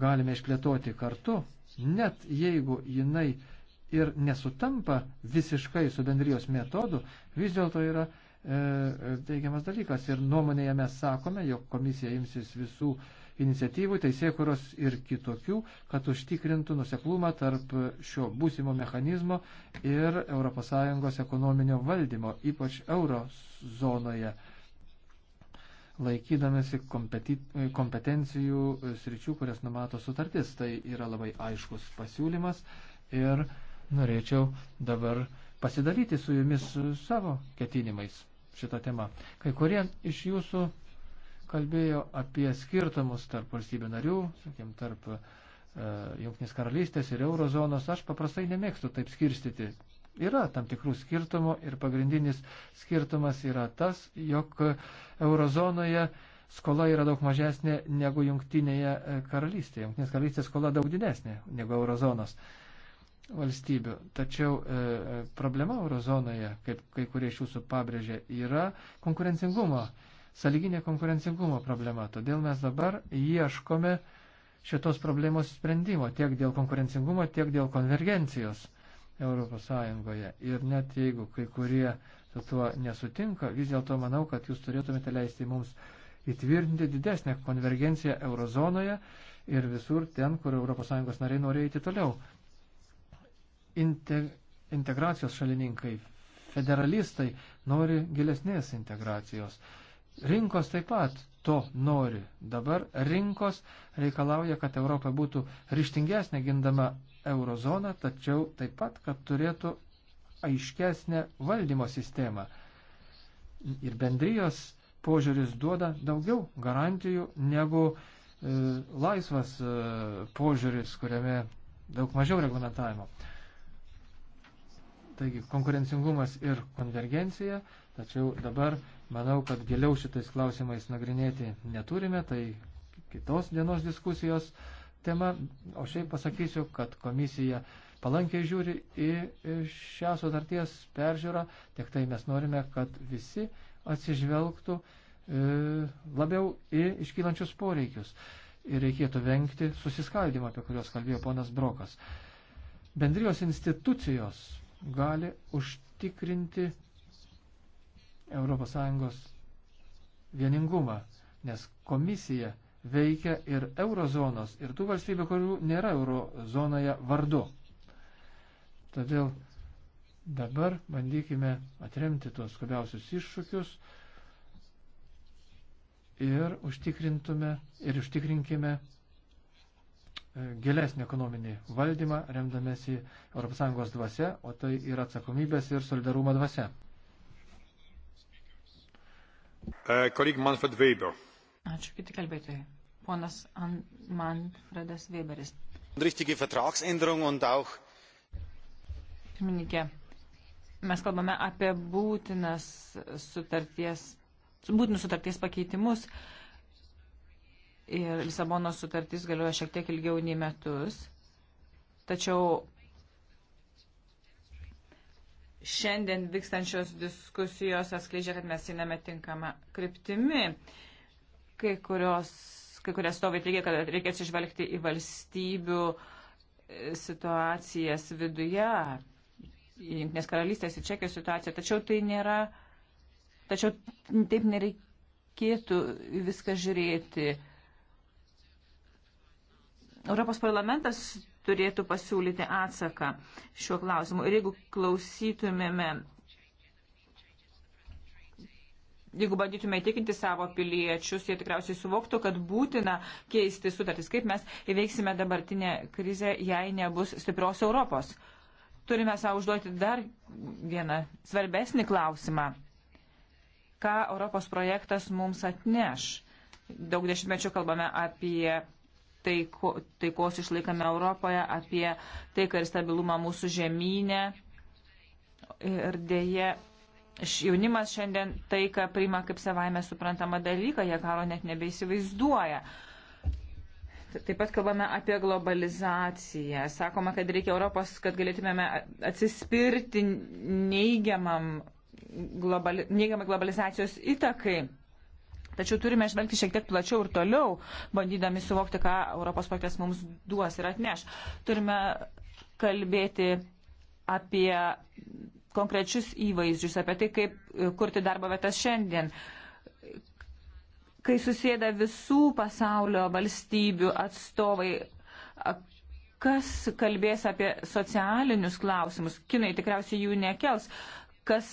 galime išplėtoti kartu, net jeigu jinai ir nesutampa visiškai su bendrijos metodu, vis dėlto yra e, teigiamas dalykas. Ir nuomonėje mes sakome, jog komisija imsis visų iniciatyvų, teisėkuros ir kitokių, kad užtikrintų nuseklumą tarp šio būsimo mechanizmo ir ES ekonominio valdymo, ypač eurozonoje laikydamėsi kompetencijų sričių, kurias numato sutartis. Tai yra labai aiškus pasiūlymas ir norėčiau dabar pasidalyti su jumis savo ketinimais šitą temą. Kai kurie iš jūsų kalbėjo apie skirtumus tarp valstybių narių, sakėm, tarp e, Junktinės karalystės ir eurozonos. Aš paprastai nemėgstu taip skirstyti. Yra tam tikrų skirtumų ir pagrindinis skirtumas yra tas, jog eurozonoje skola yra daug mažesnė negu Junktinėje karalystėje. Junktinės karalystės skola daug didesnė negu eurozonos. E, valstybių. Tačiau e, e, problema eurozonoje, kaip kai kurie iš jūsų pabrėžė, yra konkurencingumo, saliginė konkurencingumo problema. Todėl mes dabar ieškome šitos problemos sprendimo tiek dėl konkurencingumo, tiek dėl konvergencijos ES. Ir net jeigu kai kurie su tuo nesutinka, vis dėlto manau, kad jūs turėtumėte leisti mums įtvirtinti didesnę konvergenciją eurozonoje ir visur ten, kur ES nariai nori eiti toliau inter, integracijos šalininkai, federalistai nori gilesnės integracijos. Rinkos taip pat to nori. Dabar rinkos reikalauja, kad Europa būtų ryštingesnė gindama eurozoną, tačiau taip pat, kad turėtų aiškesnę valdymo sistemą. Ir bendrijos požiūris duoda daugiau garantijų negu e, laisvas e, požiūris, kuriame daug mažiau reglamentavimo. Taigi konkurencingumas ir konvergencija, tačiau dabar manau, kad giliau šitais klausimais nagrinėti neturime, tai kitos dienos diskusijos tema. O šiaip pasakysiu, kad komisija palankiai žiūri į šią sutarties peržiūrą, tik tai mes norime, kad visi atsižvelgtų e, labiau į iškylančius poreikius. Ir reikėtų vengti susiskaldimą, apie kuriuos kalbėjo ponas Brokas. Bendrijos institucijos gali užtikrinti ES vieningumą, nes komisija veikia ir eurozonos, ir tų valstybių, kurių nėra eurozonoje vardu. Todėl dabar bandykime atremti tuos skubiausius iššūkius ir, ir užtikrinkime E, gilesnį ekonominį valdymą, remdamėsi ES dvasia, o tai yra atsakomybės ir solidarumo dvasia. E, Kolik Manfred Weber. Ačiū kiti kalbėtojai. Ponas An Manfredas Weberis. Richtige Vertragsänderung und auch. Pirmininkė, mes kalbame apie būtinas sutarties, būtinus sutarties pakeitimus. Uh, ir Lisabono sutartis galioja šiek tiek ilgiau nei metus. Tačiau šiandien vykstančios diskusijos atskleidžia, kad mes einame tinkamą kryptimi. Kai, kurios, kai kurie stovai teigia, kad reikia atsižvelgti į valstybių e, situacijas viduje, į Junktinės karalystės, į Čekijos situaciją. Tačiau tai nėra, tačiau taip nereikėtų viską žiūrėti Europos parlamentas turėtų pasiūlyti atsaką šiuo klausimu. Ir jeigu klausytumėme, jeigu bandytume įtikinti savo piliečius, jie tikriausiai suvoktų, kad būtina keisti sutartis. Kaip mes įveiksime dabartinę krizę, jei nebus stiprios Europos? Turime savo užduoti dar vieną svarbesnį klausimą. Ką Europos projektas mums atneš? Daug dešimtmečių kalbame apie taiko, taikos išlaikame Europoje, apie taiką ir stabilumą mūsų žemynę. Ir dėje jaunimas šiandien taiką priima kaip savaime suprantamą dalyką, jie karo net nebeįsivaizduoja. Taip pat kalbame apie globalizaciją. Sakoma, kad reikia Europos, kad galėtumėme atsispirti neigiamam globali, neigiamai globalizacijos įtakai. Tačiau turime žvelgti šiek tiek plačiau ir toliau, bandydami suvokti, ką Europos paktas mums duos ir atneš. Turime kalbėti apie konkrečius įvaizdžius, apie tai, kaip e, kurti darbo vietas šiandien. Kai susėda visų pasaulio valstybių atstovai, kas kalbės apie socialinius klausimus, kinai tikriausiai jų nekels kas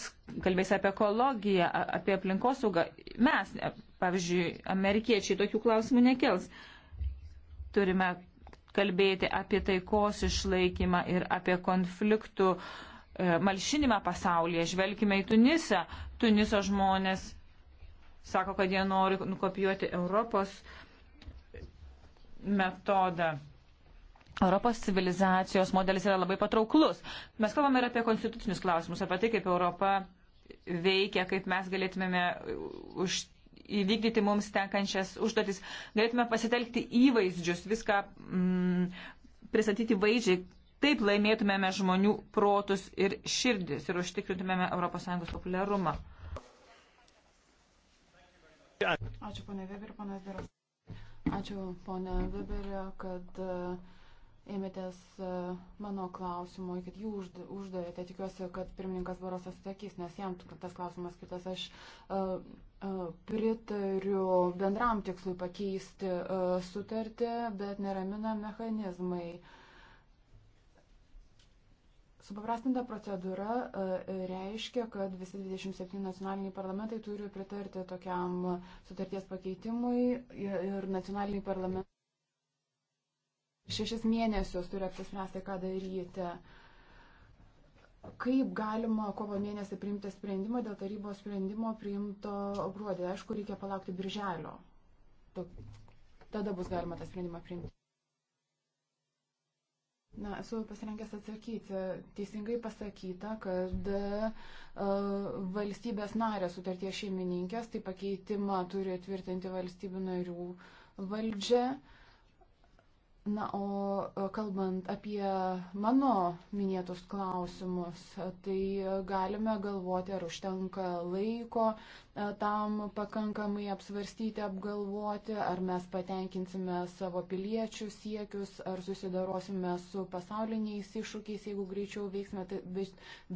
kalbės apie ekologiją, apie aplinkosaugą. Mes, e, pavyzdžiui, amerikiečiai tokių klausimų nekels. Turime kalbėti apie taikos išlaikymą ir apie konfliktų e, malšinimą pasaulyje. Žvelkime į Tunisą. Tuniso žmonės sako, kad jie nori nukopijuoti Europos metodą. Europos civilizacijos modelis yra labai patrauklus. Mes kalbame ir apie konstitucinius klausimus, apie tai, kaip Europa veikia, kaip mes galėtumėme už, įvykdyti mums tenkančias užduotis. Galėtume pasitelkti įvaizdžius, viską mm, pristatyti vaizdžiai. Taip laimėtumėme žmonių protus ir širdis ir užtikrintumėme ES populiarumą. Ačiū, ponė Weber, ponas Deras. Ačiū, ponė Weber, kad uh, ėmėtės e, mano klausimui, kad jų uždavėte. Tikiuosi, kad pirmininkas Barosas atsakys, nes jam tas klausimas kitas. Aš uh, uh, pritariu bendram tikslui pakeisti uh, sutartį, bet neramina mechanizmai. Supaprastinta procedūra reiškia, kad visi 27 nacionaliniai parlamentai turi pritarti tokiam sutarties pakeitimui ir nacionaliniai parlamentai šešis mėnesius turi apsispręsti, ką daryti. Kaip galima kovo mėnesį priimti sprendimą dėl tarybos sprendimo priimto gruodį? Aišku, reikia palaukti birželio. Tada bus galima tą sprendimą priimti. Na, esu pasirengęs atsakyti. Teisingai pasakyta, kad uh, valstybės narės sutarties šeimininkės, tai pakeitimą turi tvirtinti valstybių narių valdžia. Uh, Na, o kalbant apie mano minėtus klausimus, tai galime galvoti, ar užtenka laiko e, tam pakankamai apsvarstyti, apgalvoti, ar mes patenkinsime savo piliečių siekius, ar susidarosime su pasauliniais iššūkiais, jeigu greičiau veiksime. Tai vis,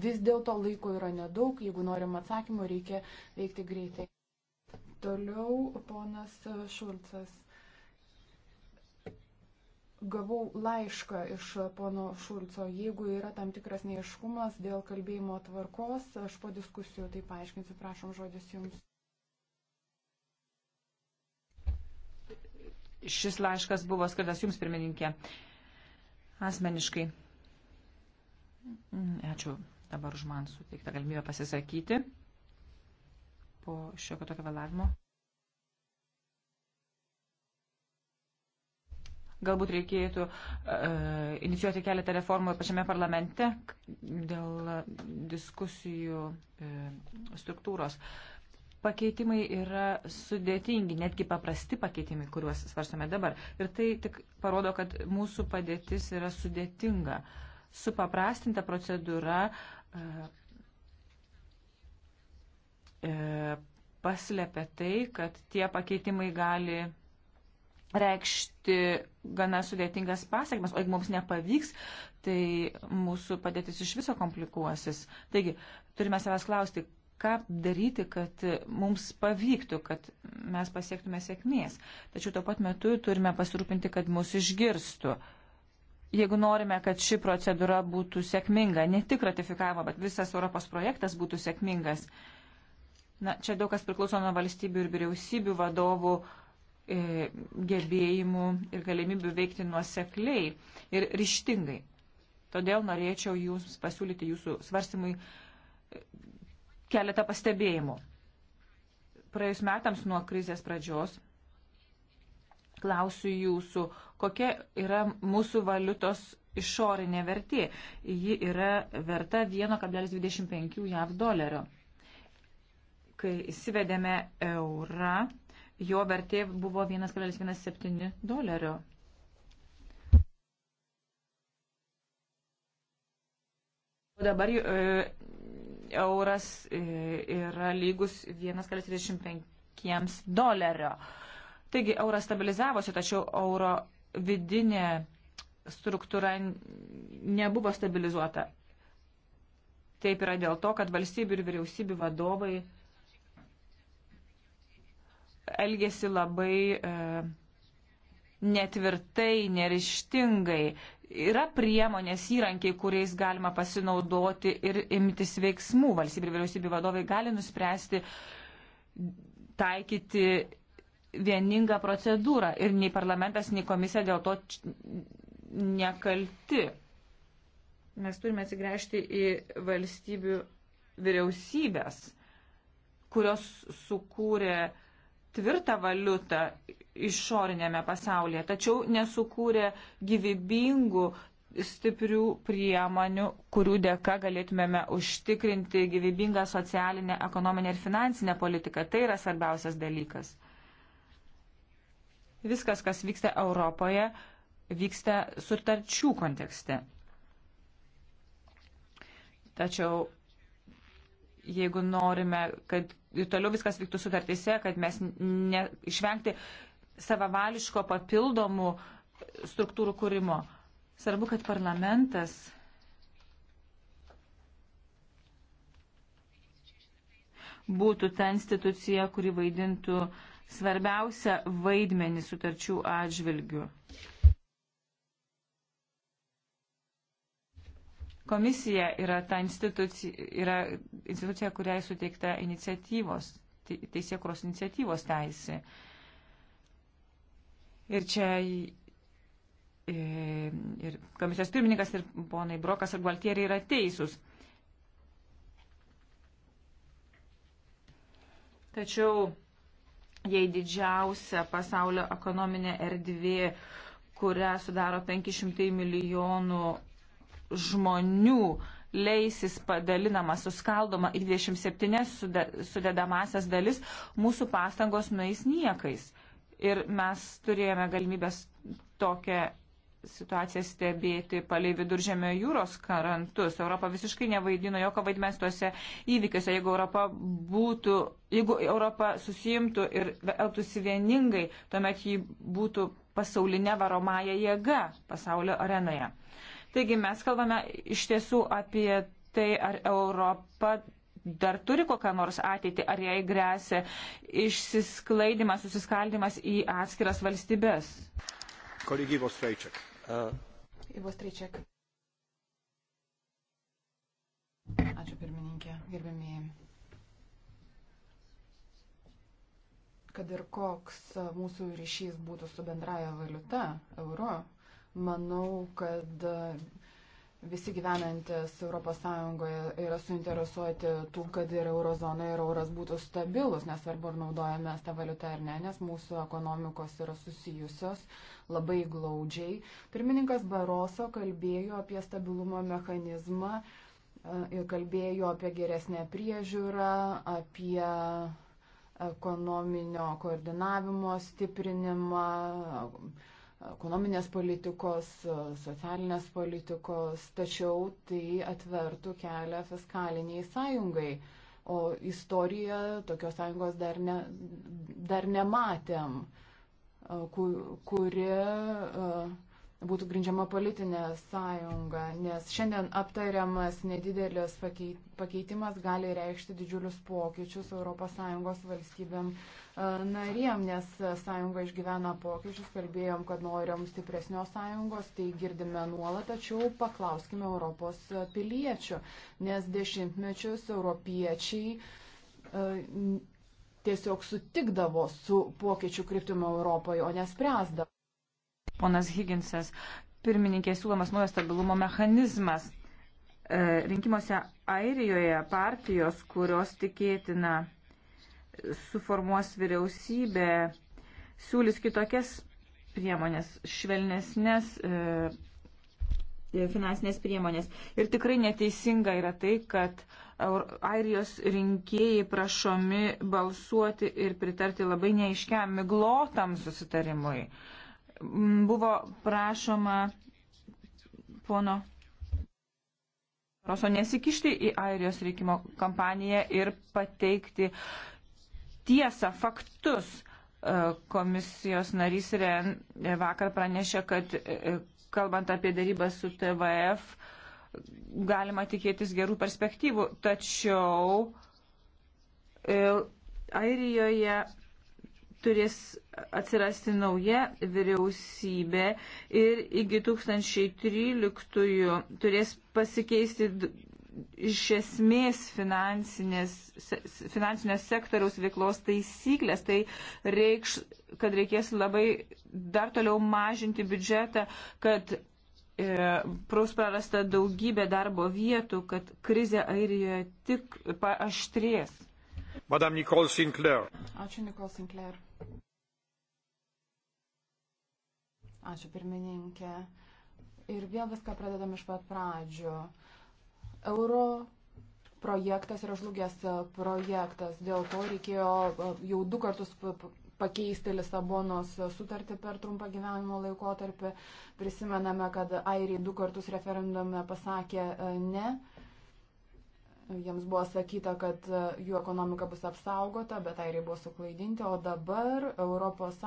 vis dėlto laiko yra nedaug, jeigu norim atsakymų, reikia veikti greitai. Toliau ponas Šulcas gavau laišką iš pono Šulco. Jeigu yra tam tikras neiškumas dėl kalbėjimo tvarkos, aš po diskusijų tai paaiškinsiu. Prašom žodis jums. Šis laiškas buvo skirtas jums, pirmininkė, asmeniškai. Ačiū dabar už man suteiktą galimybę pasisakyti po šiokio tokio vėlavimo. Galbūt reikėtų uh, inicijuoti keletą reformų pačiame parlamente dėl diskusijų uh, struktūros. Pakeitimai yra sudėtingi, netgi paprasti pakeitimai, kuriuos svarstame dabar. Ir tai tik parodo, kad mūsų padėtis yra sudėtinga. Supaprastinta procedūra uh, e, uh, paslėpia tai, kad tie pakeitimai gali reikšti gana sudėtingas pasiekmes, o jeigu mums nepavyks, tai mūsų padėtis iš viso komplikuosis. Taigi, turime savęs klausti, ką daryti, kad mums pavyktų, kad mes pasiektume sėkmės. Tačiau tuo pat metu turime pasirūpinti, kad mūsų išgirstų. Jeigu norime, kad ši procedūra būtų sėkminga, ne tik ratifikavimo, bet visas Europos projektas būtų sėkmingas, na, čia daug kas priklauso nuo valstybių ir vyriausybių vadovų uh, E, gebėjimų ir galimybių veikti nuosekliai ir ryštingai. Todėl norėčiau jums pasiūlyti jūsų svarstymui e, keletą pastebėjimų. Praėjus metams nuo krizės pradžios klausiu jūsų, kokia yra mūsų valiutos išorinė vertė. Ji yra verta 1,25 JAV dolerio. Kai įsivedėme eurą, jo vertė buvo 1,17 dolerio. O dabar e, euras e, yra lygus 1,35 dolerio. Taigi euras stabilizavosi, tačiau euro vidinė struktūra nebuvo stabilizuota. Taip yra dėl to, kad valstybių ir vyriausybių vadovai elgėsi labai e, netvirtai, nerištingai. Yra priemonės įrankiai, kuriais galima pasinaudoti ir imtis veiksmų. Valstybė ir vyriausybė vadovai gali nuspręsti taikyti vieningą procedūrą ir nei parlamentas, nei komisija dėl to nekalti. Mes turime atsigręžti į valstybių vyriausybės, kurios sukūrė uh, tvirtą valiutą išorinėme pasaulyje, tačiau nesukūrė gyvybingų stiprių priemonių, kurių dėka galėtumėme užtikrinti gyvybingą socialinę, ekonominę ir finansinę politiką. Tai yra svarbiausias dalykas. Viskas, kas vyksta Europoje, vyksta sutarčių kontekste. Tačiau jeigu norime, kad ir toliau viskas vyktų sutartyse, kad mes ne, išvengti savavališko papildomų struktūrų kūrimo. Svarbu, kad parlamentas būtų ta institucija, kuri vaidintų svarbiausią vaidmenį sutarčių atžvilgių. Komisija yra ta institucija, yra institucija kuriai suteikta iniciatyvos, teisėkros iniciatyvos teisė. Ir čia e, ir komisijos pirmininkas, ir ponai Brokas, ir Gualtieriai yra teisūs. Tačiau jei didžiausia pasaulio ekonominė erdvė, kurią sudaro 500 milijonų žmonių leisis padalinama, suskaldoma į 27 sudedamasias dalis, mūsų pastangos nueis niekais. Ir mes turėjome galimybės tokią situaciją stebėti palei viduržėmio jūros karantus. Europa visiškai nevaidino jokio vaidmens tuose įvykiuose. Jeigu Europa būtų, jeigu Europa susijimtų ir elgtųsi vieningai, tuomet ji būtų pasaulinė varomąją jėga pasaulio arenoje. Uh, Taigi mes kalbame iš tiesų apie tai, ar Europa dar turi kokią nors ateitį, ar jai grėsia išsisklaidimas, susiskaldimas į atskiras valstybės. Kolegi Vostraičiak. Uh. E, Vostraičiak. Ačiū pirmininkė, gerbėmėjai. Kad ir koks mūsų ryšys būtų su bendraja valiuta, euro, Manau, kad e, visi gyvenantis ES yra suinteresuoti tų, kad ir eurozona ir euras būtų stabilus, nesvarbu, ar naudojame tą valiutą ar ne, nes mūsų ekonomikos yra susijusios labai glaudžiai. Pirmininkas Baroso kalbėjo apie stabilumo mechanizmą e, ir kalbėjo apie geresnę priežiūrą, apie ekonominio koordinavimo stiprinimą ekonominės politikos, socialinės politikos, tačiau tai atvertų kelią fiskaliniai sąjungai. O istorija tokios sąjungos dar, ne, dar nematėm, kuri būtų grindžiama politinė sąjunga, nes šiandien aptariamas nedidelis pakeitimas gali reikšti didžiulius pokyčius ES valstybėm narėm, nes sąjunga išgyvena pokyčius, kalbėjom, kad norim stipresnios sąjungos, tai girdime nuolat, tačiau paklauskime Europos piliečių, nes dešimtmečius europiečiai tiesiog sutikdavo su pokyčių kryptimi Europoje, o nespręsdavo ponas Higginsas. Pirmininkė siūlomas naujas stabilumo mechanizmas. E, rinkimuose Airijoje partijos, kurios tikėtina suformuos vyriausybė, siūlys kitokias priemonės, švelnesnės e, finansinės priemonės. Ir tikrai neteisinga yra tai, kad Airijos rinkėjai prašomi balsuoti ir pritarti labai neiškiam miglotam susitarimui. Uh, Buvo prašoma pono Roso nesikišti į Airijos reikimo kampaniją ir pateikti tiesą, faktus. E, komisijos narys Ren e, vakar pranešė, kad e, kalbant apie darybą su TVF, galima tikėtis gerų perspektyvų, tačiau Airijoje turės atsirasti nauja vyriausybė ir iki 2013 turės pasikeisti iš esmės finansinės, finansinės sektoriaus veiklos taisyklės. Tai reikš, kad reikės labai dar toliau mažinti biudžetą, kad e, praus prarasta daugybė darbo vietų, kad krizė Airijoje tik paaštrės. Madame Nicole Sinclair. Ačiū, Nicole Sinclair. Ačiū pirmininkė. Ir vėl viską pradedam iš pat pradžių. Euro projektas yra žlugęs projektas, dėl to reikėjo e, jau du kartus pakeisti Lisabonos sutartį per trumpą gyvenimo laikotarpį. Prisimename, kad airiai du kartus referendume pasakė e, ne. Jiems buvo sakyta, kad e, jų ekonomika bus apsaugota, bet airiai buvo suklaidinti, o dabar ES,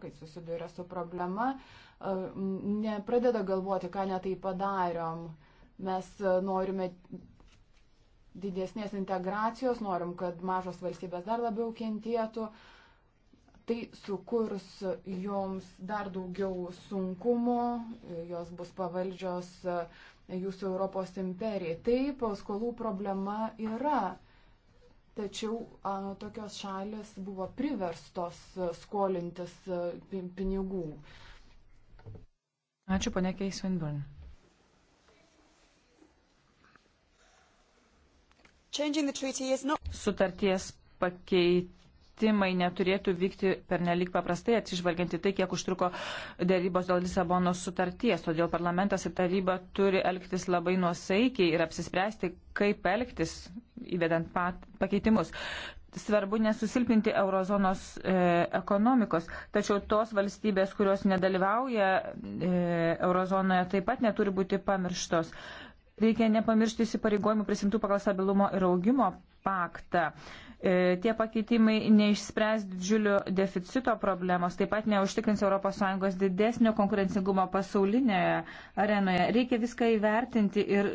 kai susiduria su problema, e, nepradeda galvoti, ką netai padarėm. Mes e, norime didesnės integracijos, norim, kad mažos valstybės dar labiau kentėtų. Tai sukurs joms dar daugiau sunkumų, jos bus pavaldžios jūsų Europos imperijai. Taip, skolų problema yra, tačiau a, tokios šalis buvo priverstos skolintis pinigų. Ačiū, ponė Keisvinburn. Not... Sutarties pakeit pakeitimai neturėtų vykti per nelik paprastai, atsižvelgianti tai, kiek užtruko dėrybos dėl Lisabonos sutarties. Todėl parlamentas ir taryba turi elgtis labai nuosaikiai ir apsispręsti, kaip elgtis įvedant pat, pakeitimus. Svarbu nesusilpinti eurozonos e, ekonomikos, tačiau tos valstybės, kurios nedalyvauja e, eurozonoje, taip pat neturi būti pamirštos. Reikia nepamiršti įsipareigojimų prisimtų pagal stabilumo ir augimo paktą. E, E, tie pakeitimai neišspręs didžiulio deficito problemos, taip pat neužtikrins ES didesnio konkurencingumo pasaulinėje arenoje. Reikia viską įvertinti ir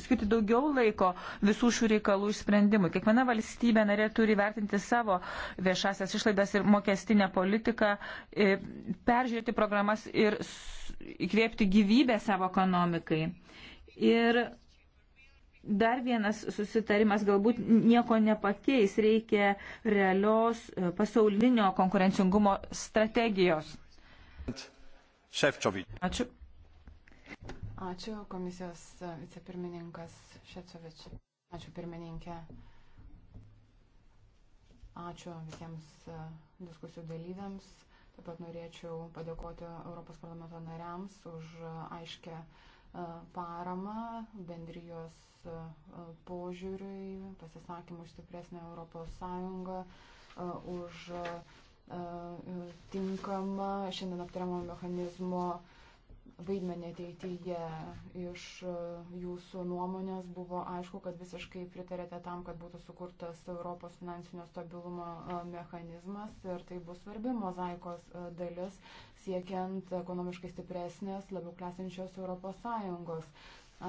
skirti daugiau laiko visų šių reikalų išsprendimui. Kiekviena valstybė narė turi vertinti savo viešasias išlaidas ir mokestinę politiką, e, peržiūrėti programas ir įkvėpti gyvybę savo ekonomikai. Ir dar vienas susitarimas galbūt nieko nepakeis, reikia realios e, pasaulinio konkurencingumo strategijos. Šefčovič. Ačiū. Ačiū komisijos vicepirmininkas Šefčovič. Ačiū pirmininkė. Ačiū visiems e, diskusijų dalyviams. Taip pat norėčiau padėkoti Europos parlamento nariams už e, aiškę paramą bendrijos požiūriui, pasisakymų už stipresnę Europos Sąjungą, už tinkamą šiandien aptariamo mechanizmo vaidmenį ateityje. Iš e, jūsų nuomonės buvo aišku, kad visiškai pritarėte tam, kad būtų sukurtas Europos finansinio stabilumo e, mechanizmas ir tai bus svarbi mozaikos e, dalis siekiant ekonomiškai stipresnės, labiau klesinčios Europos Sąjungos.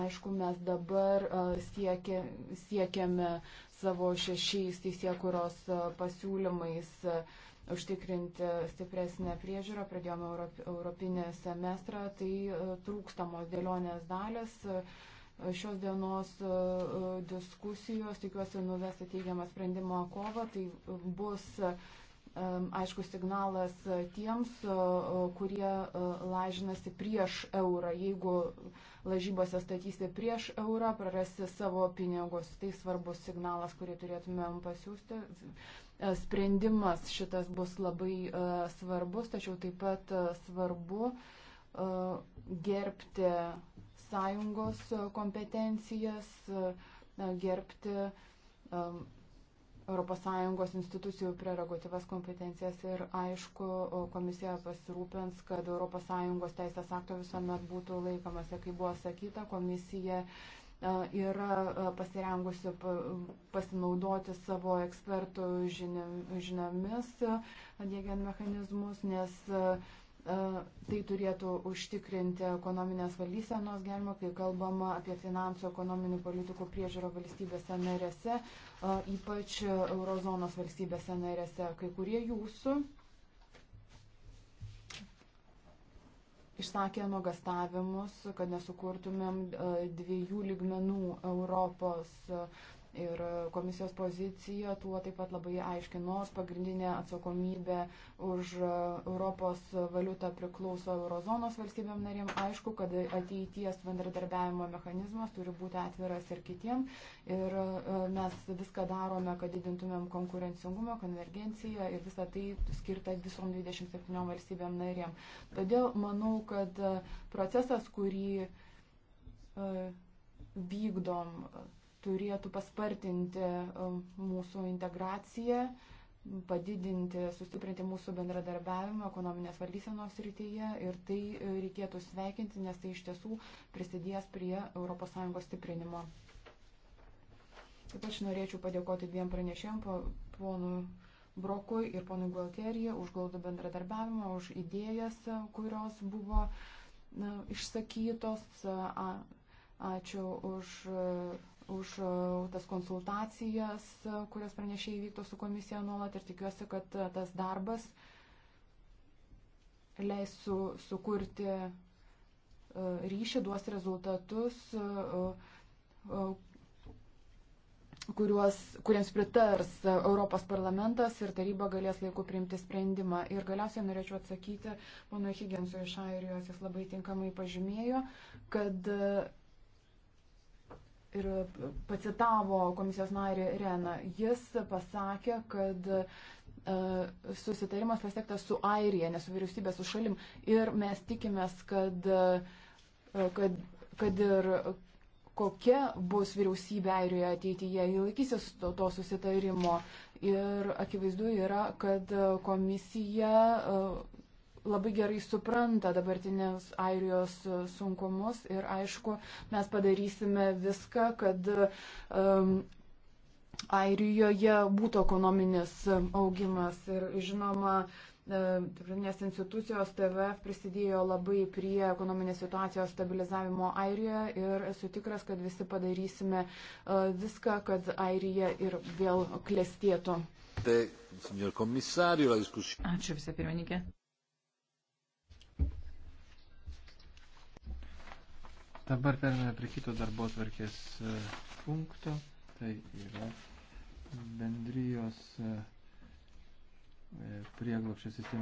Aišku, mes dabar siekia, siekiame savo šešiais teisėkuros pasiūlymais užtikrinti stipresnę priežiūrą, pradėjome Europinį semestrą, tai e, trūkstamos dėlionės dalės. E, šios dienos e, diskusijos, tikiuosi, nuvesta teigiamą sprendimą kovą, tai bus aišku signalas tiems, kurie lažinasi prieš eurą. Jeigu lažybose statysi prieš eurą, prarasi savo pinigus. Tai svarbus signalas, kurį turėtumėm pasiūsti. E, sprendimas šitas bus labai e, svarbus, tačiau taip pat e, svarbu gerbti sąjungos kompetencijas, gerbti ES institucijų prerogatyvas kompetencijas ir aišku, komisija pasirūpins, kad ES teisės akto visuomet būtų laikomasi. Kaip buvo sakyta, komisija E, yra e, pasirengusi pasinaudoti savo ekspertų žiniomis, e, dėgiant mechanizmus, nes tai turėtų užtikrinti ekonominės valdysenos gerimą, kai kalbama apie finansų ekonominių politikų priežiūro valstybėse narėse, ypač eurozonos valstybėse narėse. Kai kurie jūsų išsakė nuogastavimus, kad nesukurtumėm e, dviejų ligmenų Europos Ir komisijos pozicija tuo taip pat labai aiški, nors pagrindinė atsakomybė už Europos valiutą priklauso eurozonos valstybėm narėm, aišku, kad ateities bendradarbiavimo mechanizmas turi būti atviras ir kitiem. Ir e, mes viską darome, kad didintumėm konkurencingumą, konvergenciją ir visą tai skirta visom 27 valstybėm narėm. Todėl manau, kad procesas, kurį e, vykdom turėtų paspartinti um, mūsų integraciją, padidinti, sustiprinti mūsų bendradarbiavimą ekonominės valdysenos rytyje ir tai e, reikėtų sveikinti, nes tai iš tiesų prisidės prie ES stiprinimo. Taip aš norėčiau padėkoti dviem pranešėjom, ponų Brokui ir ponui Gualterija, už glaudų bendradarbiavimą, už idėjas, e, kurios buvo na, e, išsakytos. A, ačiū už. A, už e, tas konsultacijas, e, kurias pranešėjai vykto su komisija nuolat ir tikiuosi, kad e, tas darbas leis su, sukurti ryšį, duos rezultatus, kuriuos, kuriems pritars Europos parlamentas ir taryba galės laiku priimti sprendimą. Ir galiausiai norėčiau atsakyti pono Higginsui iš Airijos, jis labai tinkamai pažymėjo, kad ir pacitavo komisijos narį Reną. Jis pasakė, kad e, susitarimas pasiektas su Airija, ne su vyriausybė, su šalim. Ir mes tikimės, kad, e, kad, kad ir kokia bus vyriausybė Airijoje ateityje, jį laikysis to, to susitarimo. Ir akivaizdu yra, kad komisija e, labai gerai supranta dabartinės Airijos e, sunkumus ir aišku, mes padarysime viską, kad um, Airijoje būtų ekonominis augimas ir žinoma, e, Tarptautinės institucijos TVF prisidėjo labai prie ekonominės situacijos stabilizavimo Airijoje ir esu tikras, kad visi padarysime e, viską, kad Airija ir vėl klestėtų. Ačiū visą pirmininkę. Dabar perėmėme prie kito darbo tvarkės e, punkto. Tai yra bendrijos e, prieglopščio sistemos.